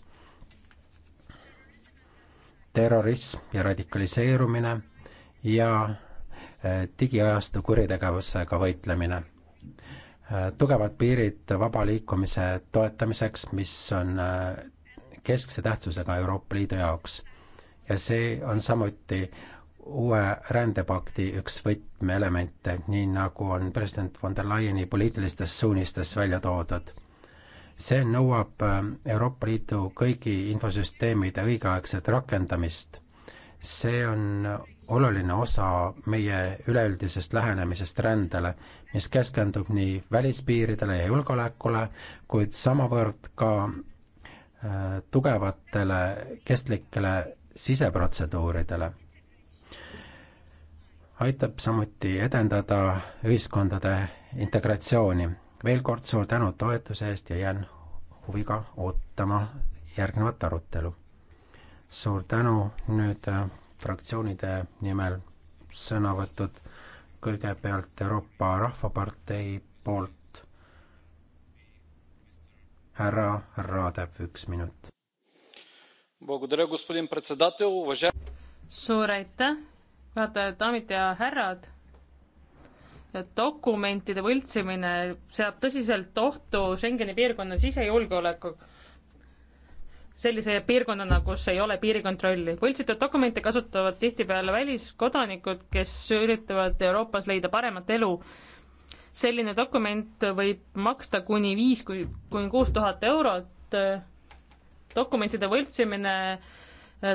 terrorism ja radikaliseerumine ja eh, digiajastu kuritegevusega võitlemine. Eh, tugevad piirid vaba liikumise toetamiseks, mis on eh, keskse tähtsusega Euroopa Liidu jaoks. ja see on samuti uue rändepakti üks võtmeelemente, nii nagu on president von der Leyeni poliitilistes suunistes välja toodud. see nõuab ähm, Euroopa Liidu kõigi infosüsteemide õigeaegset rakendamist. see on oluline osa meie üleüldisest lähenemisest rändele, mis keskendub nii välispiiridele ja julgeolekule, kuid samavõrd ka äh, tugevatele kestlikele siseprotseduuridele aitab samuti edendada ühiskondade integratsiooni. veel kord suur tänu toetuse eest ja jään huviga ootama järgnevat arutelu. suur tänu, nüüd äh, fraktsioonide nimel sõnavõtud, kõigepealt Euroopa Rahvapartei poolt härra Raadev, üks minut. suur aitäh juhataja, daamid ja härrad, dokumentide võltsimine seab tõsiselt ohtu Schengeni piirkonna sisejulgeoleku sellise piirkonnana, kus ei ole piirikontrolli. võltsitud dokumente kasutavad tihtipeale väliskodanikud, kes üritavad Euroopas leida paremat elu. selline dokument võib maksta kuni viis kuni kuus tuhat eurot. dokumentide võltsimine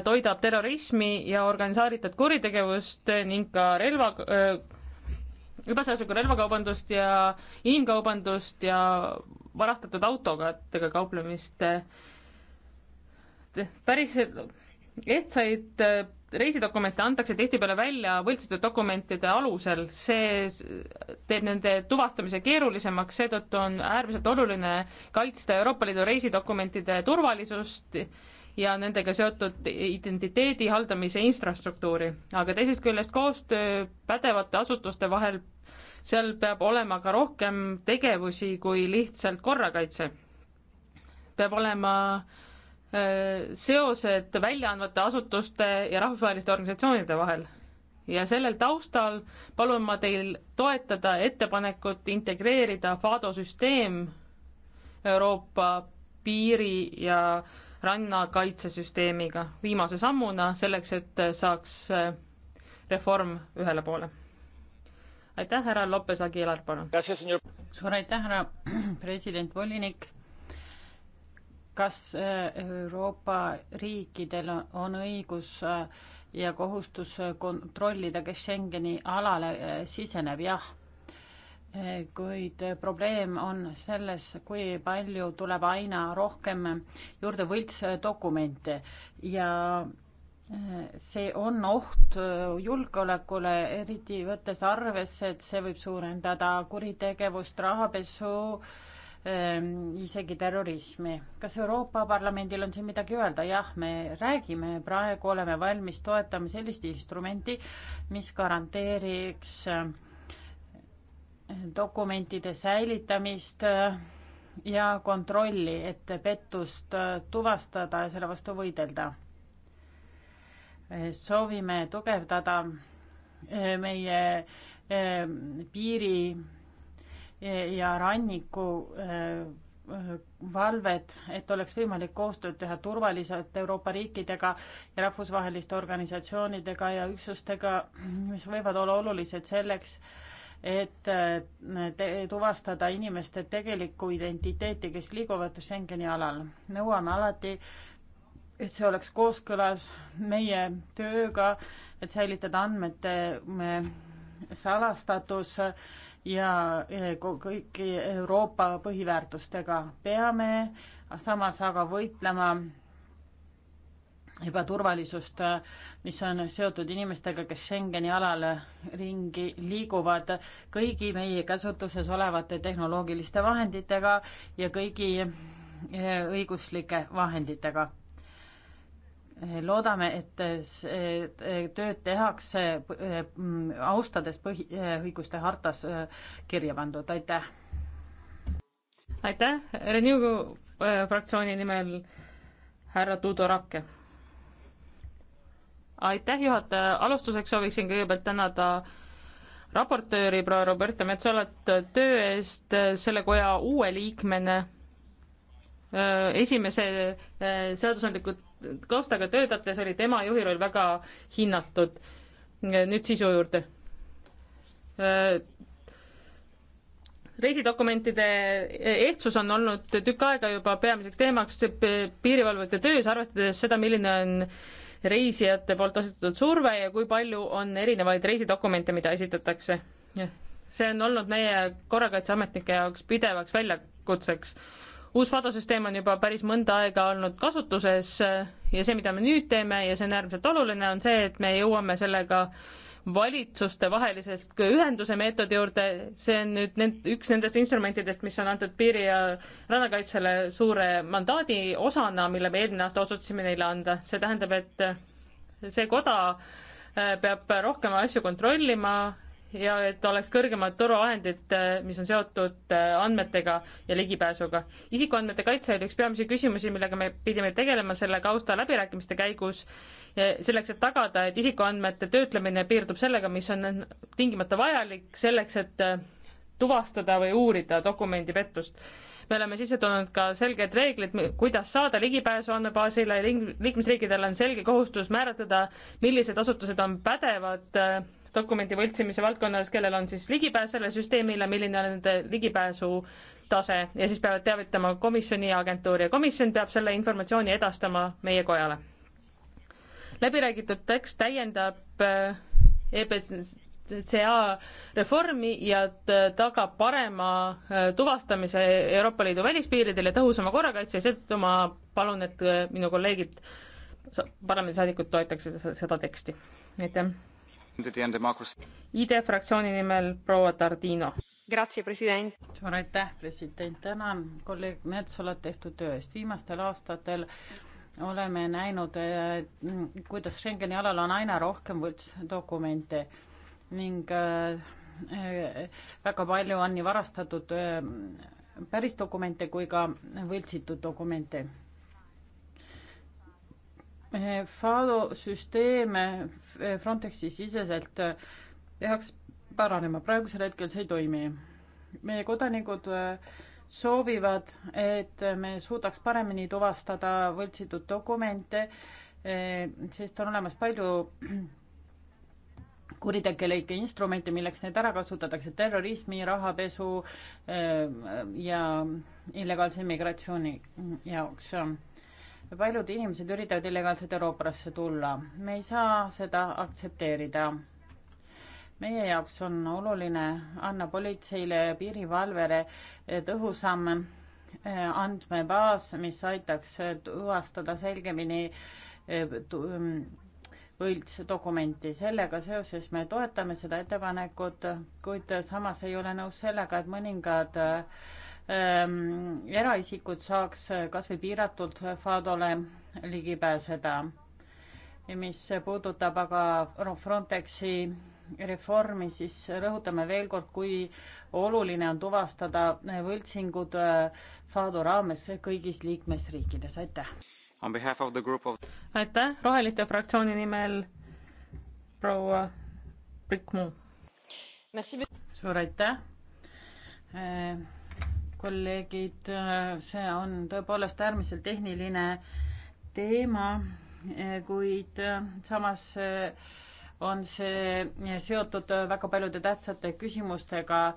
toidab terrorismi ja organiseeritud kuritegevust ning ka relva, äh, ebaseaduslikku relvakaubandust ja inimkaubandust ja varastatud autoga kauplemist. päris ehtsaid äh, reisidokumente antakse tihtipeale välja võltsitud dokumentide alusel, see teeb nende tuvastamise keerulisemaks, seetõttu on äärmiselt oluline kaitsta Euroopa Liidu reisidokumentide turvalisust ja nendega seotud identiteedi haldamise infrastruktuuri, aga teisest küljest koostöö pädevate asutuste vahel, seal peab olema ka rohkem tegevusi kui lihtsalt korrakaitse. peab olema öö, seosed väljaandvate asutuste ja rahvusvaheliste organisatsioonide vahel ja sellel taustal palun ma teil toetada ettepanekut integreerida FADO süsteem Euroopa piiri ja äh, rannakaitsesüsteemiga viimase sammuna selleks, et saaks äh, reform ühele poole. aitäh, härra Lopes Aguilar, palun. suur aitäh, härra [clears throat] president, volinik. kas äh, Euroopa riikidel on õigus äh, ja kohustus kontrollida, kes Schengeni alale siseneb, jah kuid probleem on selles, kui palju tuleb aina rohkem juurde võltsdokumente ja eh, see on oht eh, julgeolekule, eriti võttes arvesse, et see võib suurendada kuritegevust, rahapesu, eh, isegi terrorismi. kas Euroopa Parlamendil on siin midagi öelda? jah, me räägime, praegu oleme valmis toetama sellist instrumenti, mis garanteeriks äh, dokumentide säilitamist äh, ja kontrolli, et pettust äh, tuvastada ja selle vastu võidelda. Äh, soovime tugevdada meie piiri ja ranniku valved, et oleks võimalik koostööd teha turvaliselt Euroopa riikidega ja rahvusvaheliste organisatsioonidega ja üksustega, mis võivad olla olulised selleks, et äh, tuvastada inimeste tegelikku identiteeti, kes liiguvad Schengeni alal. nõuame alati, et see oleks kooskõlas meie tööga, et säilitada andmete salastatus ja eh, kõiki Euroopa põhiväärtustega. peame samas aga võitlema ebaturvalisust, mis on seotud inimestega, kes Schengeni alal ringi liiguvad, kõigi meie käsutuses olevate tehnoloogiliste vahenditega ja kõigi eh, õiguslike vahenditega. loodame, et see tööd tehakse eh, mm, austades põhiõiguste eh, hartas kirja pandud, aitäh! aitäh, Renew fraktsiooni nimel härra Tuudo Rakke aitäh, juhataja, alustuseks sooviksin kõigepealt tänada raportööri proua Roberta Metsolat töö eest selle koja uue liikmena, esimese seadusandliku kohtaga töötades oli tema juhi roll väga hinnatud. nüüd sisu juurde. reisidokumentide ehtsus on olnud tükk aega juba peamiseks teemaks piirivalvete töös, arvestades seda, milline on reisijate poolt asetatud surve ja kui palju on erinevaid reisidokumente, mida esitatakse. see on olnud meie korrakaitseametnike jaoks pidevaks väljakutseks. uus fotosüsteem on juba päris mõnda aega olnud kasutuses ja see, mida me nüüd teeme ja see on äärmiselt oluline, on see, et me jõuame sellega äh, valitsustevahelisest ühenduse meetodi juurde, see on nüüd nend-, üks nendest instrumentidest, mis on antud piiri- ja rannakaitsele suure mandaadi osana, mille me eelmine aasta otsustasime neile anda. see tähendab, et see koda äh, peab rohkem asju kontrollima ja et oleks kõrgemad turvavahendid, äh, mis on seotud äh, andmetega ja ligipääsuga. isikuandmete kaitse oli üks peamisi küsimusi, millega me pidime tegelema selle kausta läbirääkimiste käigus selleks, et tagada, et isikuandmete töötlemine piirdub sellega, mis on tingimata vajalik selleks, et äh, tuvastada või uurida dokumendipettust. me oleme sisse toonud ka selged reeglid, kuidas saada ligipääsu andmebaasile, liikmesriikidel on selge kohustus määratleda, millised asutused on pädevad äh, dokumendi võltsimise valdkonnas, kellel on siis ligipääs sellele süsteemile, milline on nende ligipääsu tase ja siis peavad teavitama komisjoni ja agentuuri ja komisjon peab selle informatsiooni edastama meie kojale läbiräägitud tekst täiendab äh, EBCA reformi ja tagab parema äh, tuvastamise Euroopa Liidu välispiiridel ja tõhusama korrakaitse ja seetõttu ma palun, et äh, minu kolleegid, parlamendisaadikud toetaks seda, seda teksti. aitäh. ID fraktsiooni nimel proua Tardino. Grazie, president. suur aitäh, president, tänan kolleeg Metsola tehtud töö eest. viimastel aastatel oleme näinud, kuidas Schengeni alal on aina rohkem võltsdokumente ning äh, väga palju on nii varastatud äh, päris dokumente kui ka võltsitud dokumente. FADO süsteem äh, Frontexi siseselt peaks paranema, praegusel hetkel see ei toimi. meie kodanikud äh, soovivad, et me suudaks paremini tuvastada võltsitud dokumente, eh, sest on olemas palju [clears throat] kuritegelikke instrumente, milleks neid ära kasutatakse, terrorismi, rahapesu eh, ja illegaalse immigratsiooni jaoks. paljud inimesed üritavad illegaalselt Euroopasse tulla, me ei saa seda aktsepteerida meie jaoks on oluline anda politseile ja piirivalvele eh, tõhusam eh, andmebaas, mis aitaks eh, tuvastada selgemini mm, võltsdokumenti. sellega seoses me toetame seda ettepanekut, kuid samas ei ole nõus sellega, et mõningad ähm, eraisikud saaks kas või piiratult FADO-le ligi pääseda. mis puudutab aga Frontexi reformi, siis rõhutame veel kord, kui oluline on tuvastada võltsingud äh, FADO raames kõigis liikmesriikides, aitäh! Of... aitäh, Roheliste fraktsiooni nimel proua Prikmu. suur aitäh eh,! kolleegid, äh, see on tõepoolest äärmiselt tehniline teema eh,, kuid eh, samas on see seotud väga paljude tähtsate küsimustega.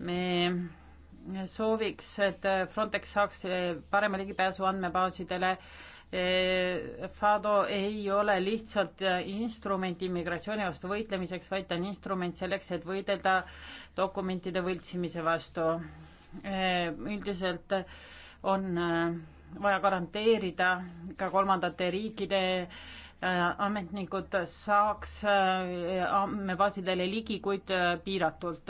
me sooviks, et Frontex saaks parema ligipääsu andmebaasidele. FADO ei ole lihtsalt instrument immigratsiooni vastu võitlemiseks, vaid ta on instrument selleks, et võidelda dokumentide võltsimise vastu. üldiselt on vaja garanteerida ka kolmandate riikide äh, Äh, ametnikud saaks äh, andmebaasidele ligi, kuid äh, piiratult.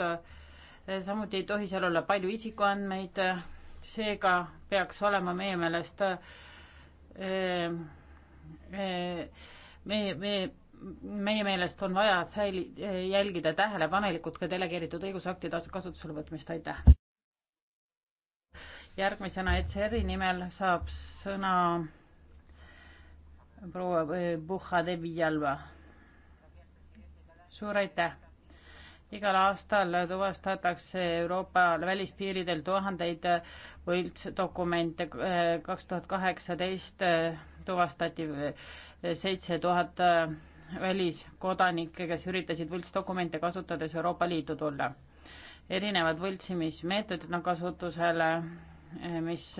samuti ei tohi seal olla palju isikuandmeid, seega peaks olema meie meelest meie, meie, meie meelest on vaja säili-, jälgida tähelepanelikult ka delegeeritud õigusaktide kasutusele võtmist, aitäh! järgmisena ECR-i nimel saab sõna proua Puhha eh, de Villalba. suur aitäh! igal aastal tuvastatakse Euroopa välispiiridel tuhandeid eh, võltsdokumente. Eh, kaks tuhat kaheksateist tuvastati seitse tuhat väliskodanikke, kes üritasid võltsdokumente kasutades Euroopa Liitu tulla. erinevad võltsimismeetodid on kasutusele, mis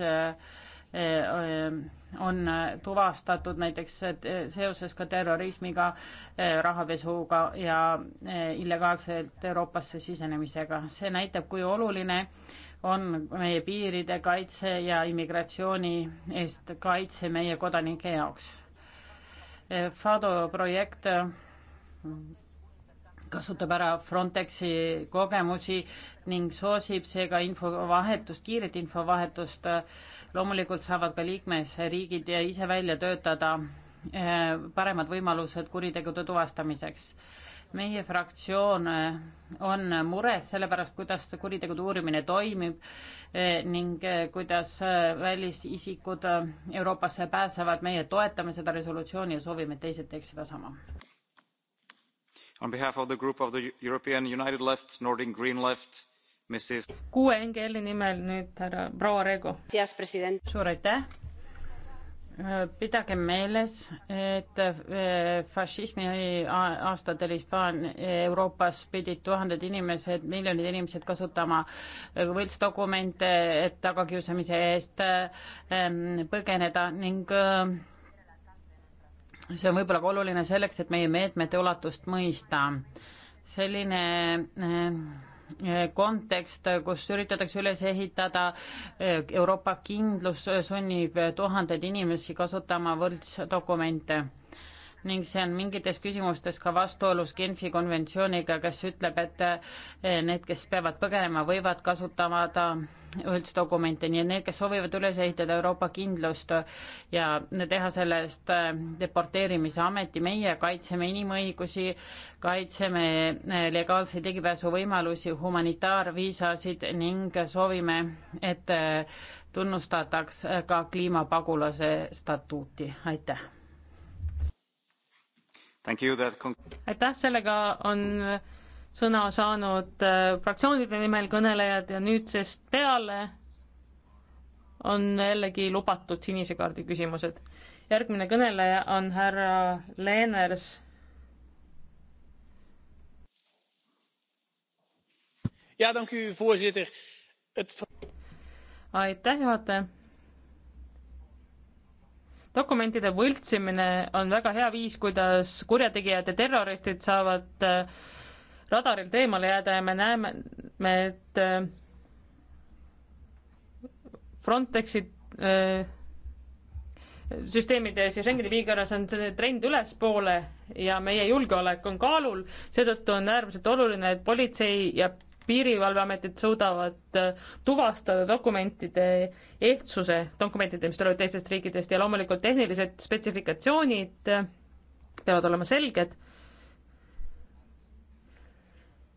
Äh, on tuvastatud näiteks äh, seoses ka terrorismiga, äh, rahapesuga ja illegaalselt Euroopasse sisenemisega. see näitab, kui oluline on meie piiride kaitse ja immigratsiooni eest kaitse meie kodanike jaoks. FADO projekt kasutab ära Frontexi kogemusi ning soosib seega infovahetust, kiiret infovahetust. loomulikult saavad ka liikmesriigid ise välja töötada eh, paremad võimalused kuritegude tuvastamiseks. meie fraktsioon eh, on mures selle pärast, kuidas kuritegude uurimine toimib eh, ning kuidas välisisikud Euroopasse pääsevad. meie toetame seda resolutsiooni ja soovime, et teised teeks sedasama on behalf of the group of the European United Left, Nordic Green Left, Mrs. kuue NGL-i nimel nüüd härra proua Rego. suur aitäh. Äh, pidage meeles, et äh, fašismi aastatel Hispaania, Euroopas pidid tuhanded inimesed, miljonid inimesed kasutama äh, võltsdokumente, et tagakiusamise eest ähm, põgeneda ning see on võib-olla ka oluline selleks, et meie meetmete ulatust mõista. selline eh, eh, kontekst, kus üritatakse üles ehitada eh, Euroopa kindlus, sunnib tuhandeid inimesi kasutama võltsdokumente ning see on mingites küsimustes ka vastuolus Genfi konventsiooniga, kes ütleb, et need, kes peavad põgenema, võivad kasutada ülddokumente, nii et need, kes soovivad üles ehitada Euroopa kindlust ja teha sellest äh, deporteerimise ameti, meie kaitseme inimõigusi, kaitseme äh, legaalseid ligipääsuvõimalusi, humanitaarviisasid ning soovime, et äh, tunnustataks ka kliimapagulase statuuti, aitäh. aitäh, sellega on sõna saanud äh, fraktsioonide nimel kõnelejad ja nüüdsest peale on jällegi lubatud sinise kaardi küsimused. järgmine kõneleja on härra Leeners. aitäh, juhataja. dokumentide võltsimine on väga hea viis, kuidas kurjategijad ja terroristid saavad äh, radarilt eemale jääda ja me näeme, et äh, Frontexi äh, süsteemides ja Schengeni piirkonnas on see trend ülespoole ja meie julgeolek on kaalul, seetõttu on äärmiselt oluline, et politsei ja piirivalveametid suudavad äh, tuvastada dokumentide ehtsuse, dokumentide, mis tulevad teistest riikidest ja loomulikult tehnilised spetsifikatsioonid peavad olema selged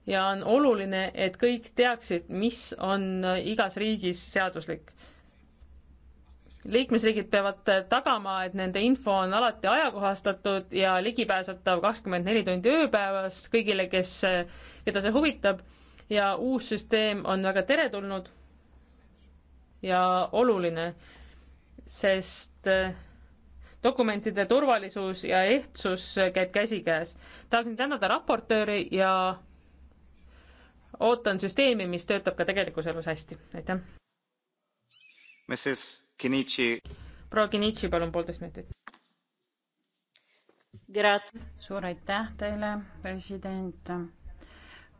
ja on oluline, et kõik teaksid, mis on igas riigis seaduslik. liikmesriigid peavad tagama, et nende info on alati ajakohastatud ja ligipääsetav kakskümmend neli tundi ööpäevas kõigile, kes, keda see huvitab ja uus süsteem on väga teretulnud ja oluline, sest eh, dokumentide turvalisus ja ehtsus käib käsikäes. tahaksin tänada raportööri ja ootan süsteemi, mis töötab ka tegelikus elus hästi, aitäh. proua Kinitši, palun poolteist minutit. suur aitäh teile, president.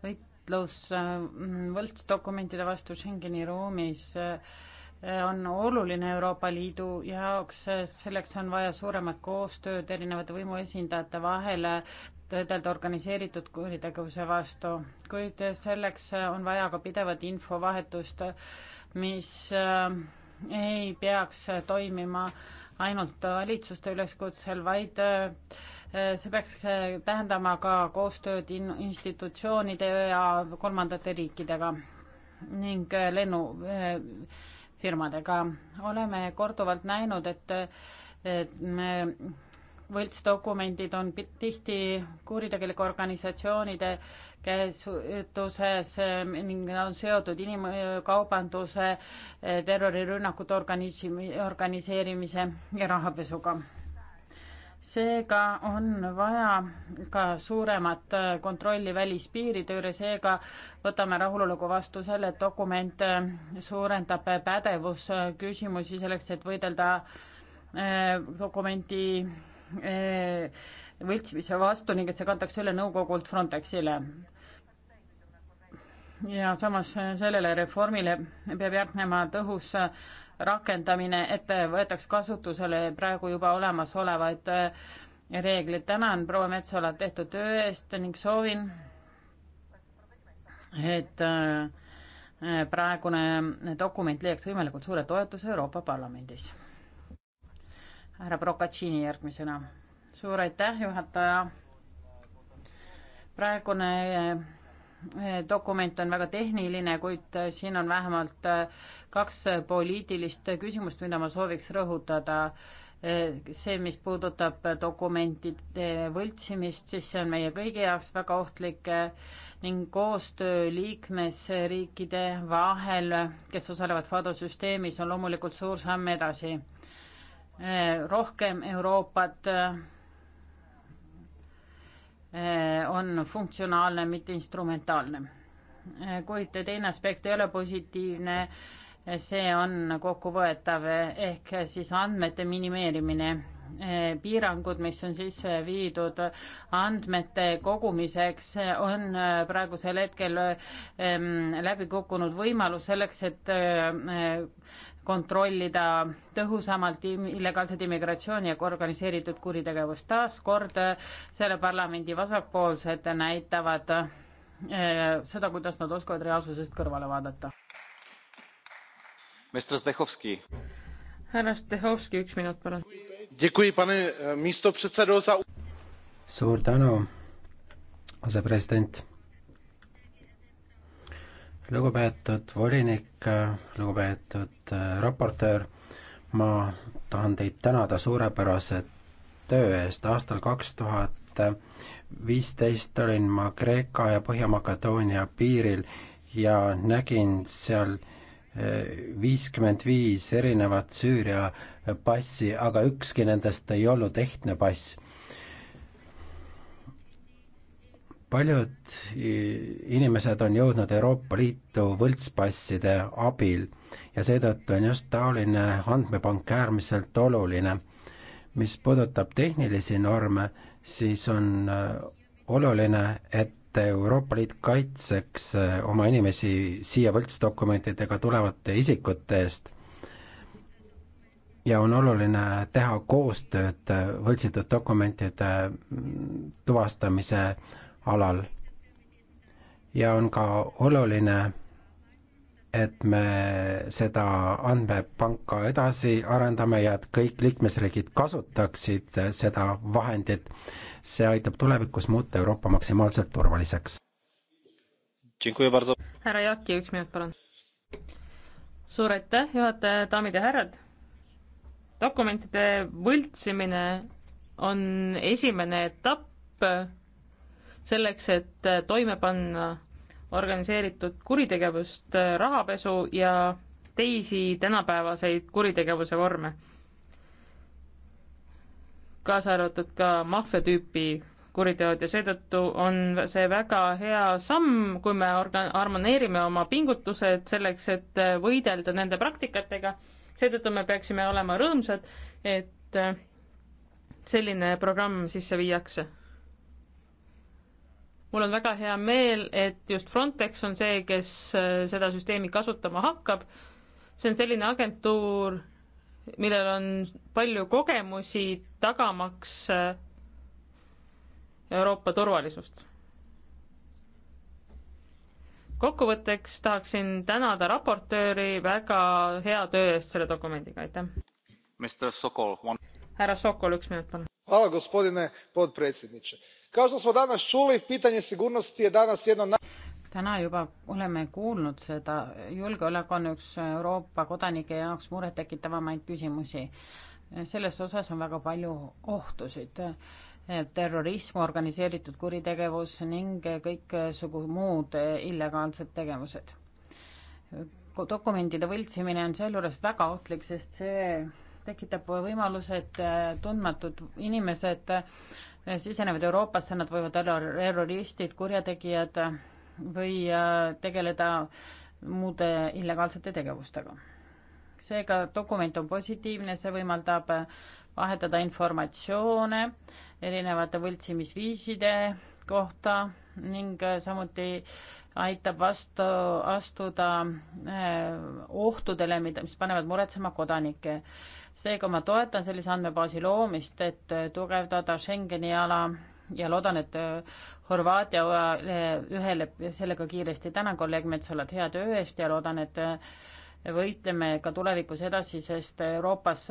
võitlus mm, võltsdokumentide vastu Schengeni ruumis eh, on oluline Euroopa Liidu jaoks, selleks on vaja suuremat koostööd erinevate võimuesindajate vahel, tõdelda organiseeritud kuritegevuse vastu, kuid selleks on vaja ka pidevat infovahetust, mis äh, ei peaks toimima ainult valitsuste üleskutsel, vaid äh, see peaks tähendama ka koostööd in-, institutsioonide ja kolmandate riikidega ning lennufirmadega. Äh, oleme korduvalt näinud, et et me võltsdokumendid on tihti kuritegelike organisatsioonide käsutuses ehm, ning nad on seotud inimkaubanduse, eh, terrorirünnakute organisi-, organiseerimise ja rahapesuga. seega on vaja ka suuremat eh, kontrolli välispiiride üle, seega võtame rahulolugu vastu selle, et dokument eh, suurendab pädevusküsimusi selleks, et võidelda dokumenti Eh, võltsimise vastu ning et see kantakse üle nõukogult Frontexile. ja samas sellele reformile peab järgnema tõhus rakendamine, et võetaks kasutusele praegu juba olemasolevaid eh, reeglid. tänan proua Metsola tehtud töö eest ning soovin, et eh, praegune dokument leiaks võimalikult suure toetuse Euroopa Parlamendis härra Procaccini järgmisena. suur aitäh, juhataja. praegune eh, dokument on väga tehniline, kuid eh, siin on vähemalt eh, kaks poliitilist küsimust, mida ma sooviks rõhutada. see, mis puudutab dokumentide võltsimist, siis see on meie kõigi jaoks väga ohtlik ning koostöö liikmesriikide vahel, kes osalevad FADO süsteemis, on loomulikult suur samm edasi Eh, rohkem Euroopat eh, on funktsionaalne, mitte instrumentaalne. Eh, kuid teine aspekt ei ole positiivne, see on kokkuvõetav ehk siis andmete minimeerimine. piirangud, mis on sisse viidud andmete kogumiseks, on praegusel hetkel mm, läbi kukkunud võimalus selleks, et kontrollida tõhusamalt illegaalset immigratsiooni ja organiseeritud kuritegevust. taaskord äh, selle parlamendi vasakpoolsed näitavad äh, seda, kuidas nad oskavad reaalsusest kõrvale vaadata. härra Stehovski, üks minut, palun. Eh, suur tänu, asepresident lugupeetud volinik, lugupeetud äh, raportöör, ma tahan teid tänada suurepärase töö eest, aastal kaks tuhat viisteist olin ma Kreeka ja Põhja-Makedoonia piiril ja nägin seal äh, viiskümmend viis erinevat Süüria passi, aga ükski nendest ei olnud ehtne pass paljud inimesed on jõudnud Euroopa Liitu võltspasside abil ja seetõttu on just taoline andmepank äärmiselt oluline. mis puudutab tehnilisi norme, siis on äh, oluline, et Euroopa Liit kaitseks äh, oma inimesi siia võltsdokumentidega tulevate isikute eest ja on oluline teha koostööd äh, võltsitud dokumentide mm, tuvastamise alal. ja on ka oluline, et me seda andmepanka edasi arendame ja et kõik liikmesriigid kasutaksid seda vahendit. see aitab tulevikus muuta Euroopa maksimaalselt turvaliseks. härra Jaaki, üks minut, palun. suur aitäh, juhataja, daamid ja härrad. dokumentide võltsimine on esimene etapp selleks, et äh, toime panna organiseeritud kuritegevust, äh, rahapesu ja teisi tänapäevaseid kuritegevuse vorme. kaasa arvatud ka maffia tüüpi kuriteod ja seetõttu on see väga hea samm, kui me orga-, harmoneerime oma pingutused selleks, et äh, võidelda nende praktikatega, seetõttu me peaksime olema rõõmsad, et selline programm sisse viiakse mul on väga hea meel, et just Frontex on see, kes äh, seda süsteemi kasutama hakkab. see on selline agentuur, millel on palju kogemusi tagamaks äh, Euroopa turvalisust. kokkuvõtteks tahaksin tänada raportööri väga hea töö eest selle dokumendiga, aitäh. härra Sokol, one... Sokol, üks minut palun kao što smo danas čuli pitanje sigurnosti je danas jedno täna juba oleme kuulnud seda, julgeolek on üks Euroopa kodanike jaoks murettekitavamaid küsimusi. selles osas on väga palju ohtusid. terrorism, organiseeritud kuritegevus ning kõiksugu muud illegaalsed tegevused. dokumentide võltsimine on sealjuures väga ohtlik, sest see tekitab võimaluse, et eh, tundmatud inimesed Eh, sisenevad Euroopasse, nad võivad olla terroristid, kurjategijad või eh, tegeleda muude illegaalsete tegevustega. seega dokument on positiivne, see võimaldab eh, vahetada informatsioone erinevate võltsimisviiside kohta ning samuti aitab vastu astuda ohtudele, mida, mis panevad muretsema kodanikke seega ma toetan sellise andmebaasi loomist, et äh, tugevdada Schengeni ala ja loodan, et äh, Horvaatia äh, üheleb sellega kiiresti. tänan kolleeg Metsolat hea töö eest ja loodan, et võitleme ka tulevikus edasi, sest Euroopas,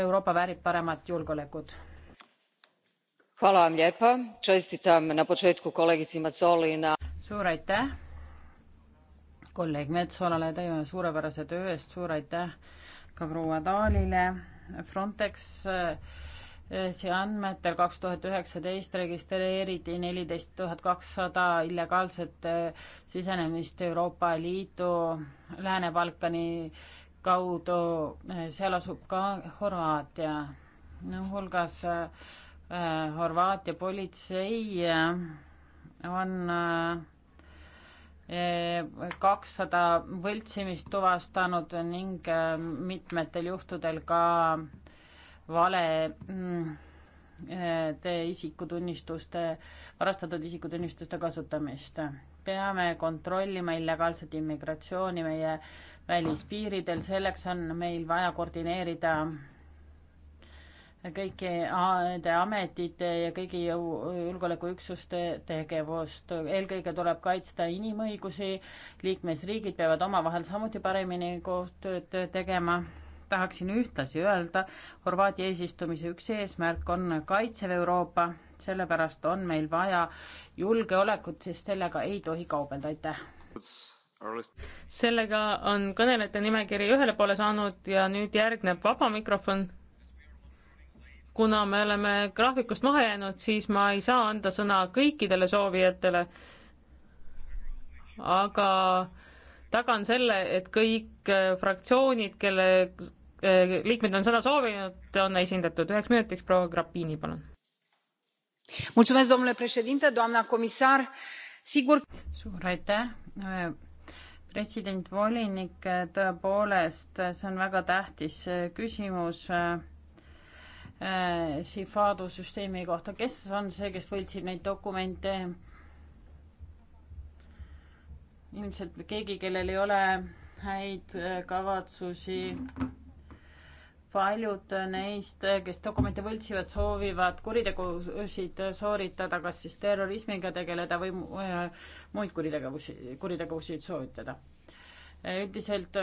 Euroopa väärib paremat julgeolekut. suur aitäh kolleeg Metsolale, teie suurepärase töö eest, suur aitäh ka proua Taalile. Frontex eh, see andmetel kaks tuhat üheksateist registreeriti neliteist tuhat kakssada illegaalset eh, sisenemist Euroopa Liidu Lääne-Balkani kaudu, eh, seal asub ka Horvaatia, muuhulgas Horvaatia politsei on äh, kakssada võltsimist tuvastanud ning äh, mitmetel juhtudel ka vale te mm, äh, isikutunnistuste, varastatud isikutunnistuste kasutamist. peame kontrollima illegaalset immigratsiooni meie välispiiridel, selleks on meil vaja koordineerida kõiki nende ametite ja kõigi julgeolekuüksuste tegevust. eelkõige tuleb kaitsta inimõigusi, liikmesriigid peavad omavahel samuti paremini koostööd tegema tahaksin ühtlasi öelda, Horvaatia eesistumise üks eesmärk on kaitsev Euroopa, sellepärast on meil vaja julgeolekut, sest sellega ei tohi kaubelda, aitäh! sellega on kõnelejate nimekiri ühele poole saanud ja nüüd järgneb vaba mikrofon kuna me oleme graafikust maha jäänud, siis ma ei saa anda sõna kõikidele soovijatele. aga tagan selle, et kõik äh, fraktsioonid, kelle äh, liikmed on seda soovinud, on esindatud. üheks minutiks proua Grappini, palun. domnule președinte, doamna comisar, sigur. suur aitäh äh, president, volinik, tõepoolest, see on väga tähtis küsimus Äh, Sifadu süsteemi kohta, kes on see, kes võltsib neid dokumente? ilmselt keegi, kellel ei ole häid äh, kavatsusi. paljud äh, neist, kes dokumente võltsivad, soovivad kuritegusid sooritada, kas siis terrorismiga tegeleda või muid kuritegevusi, kuritegusid soovitada. üldiselt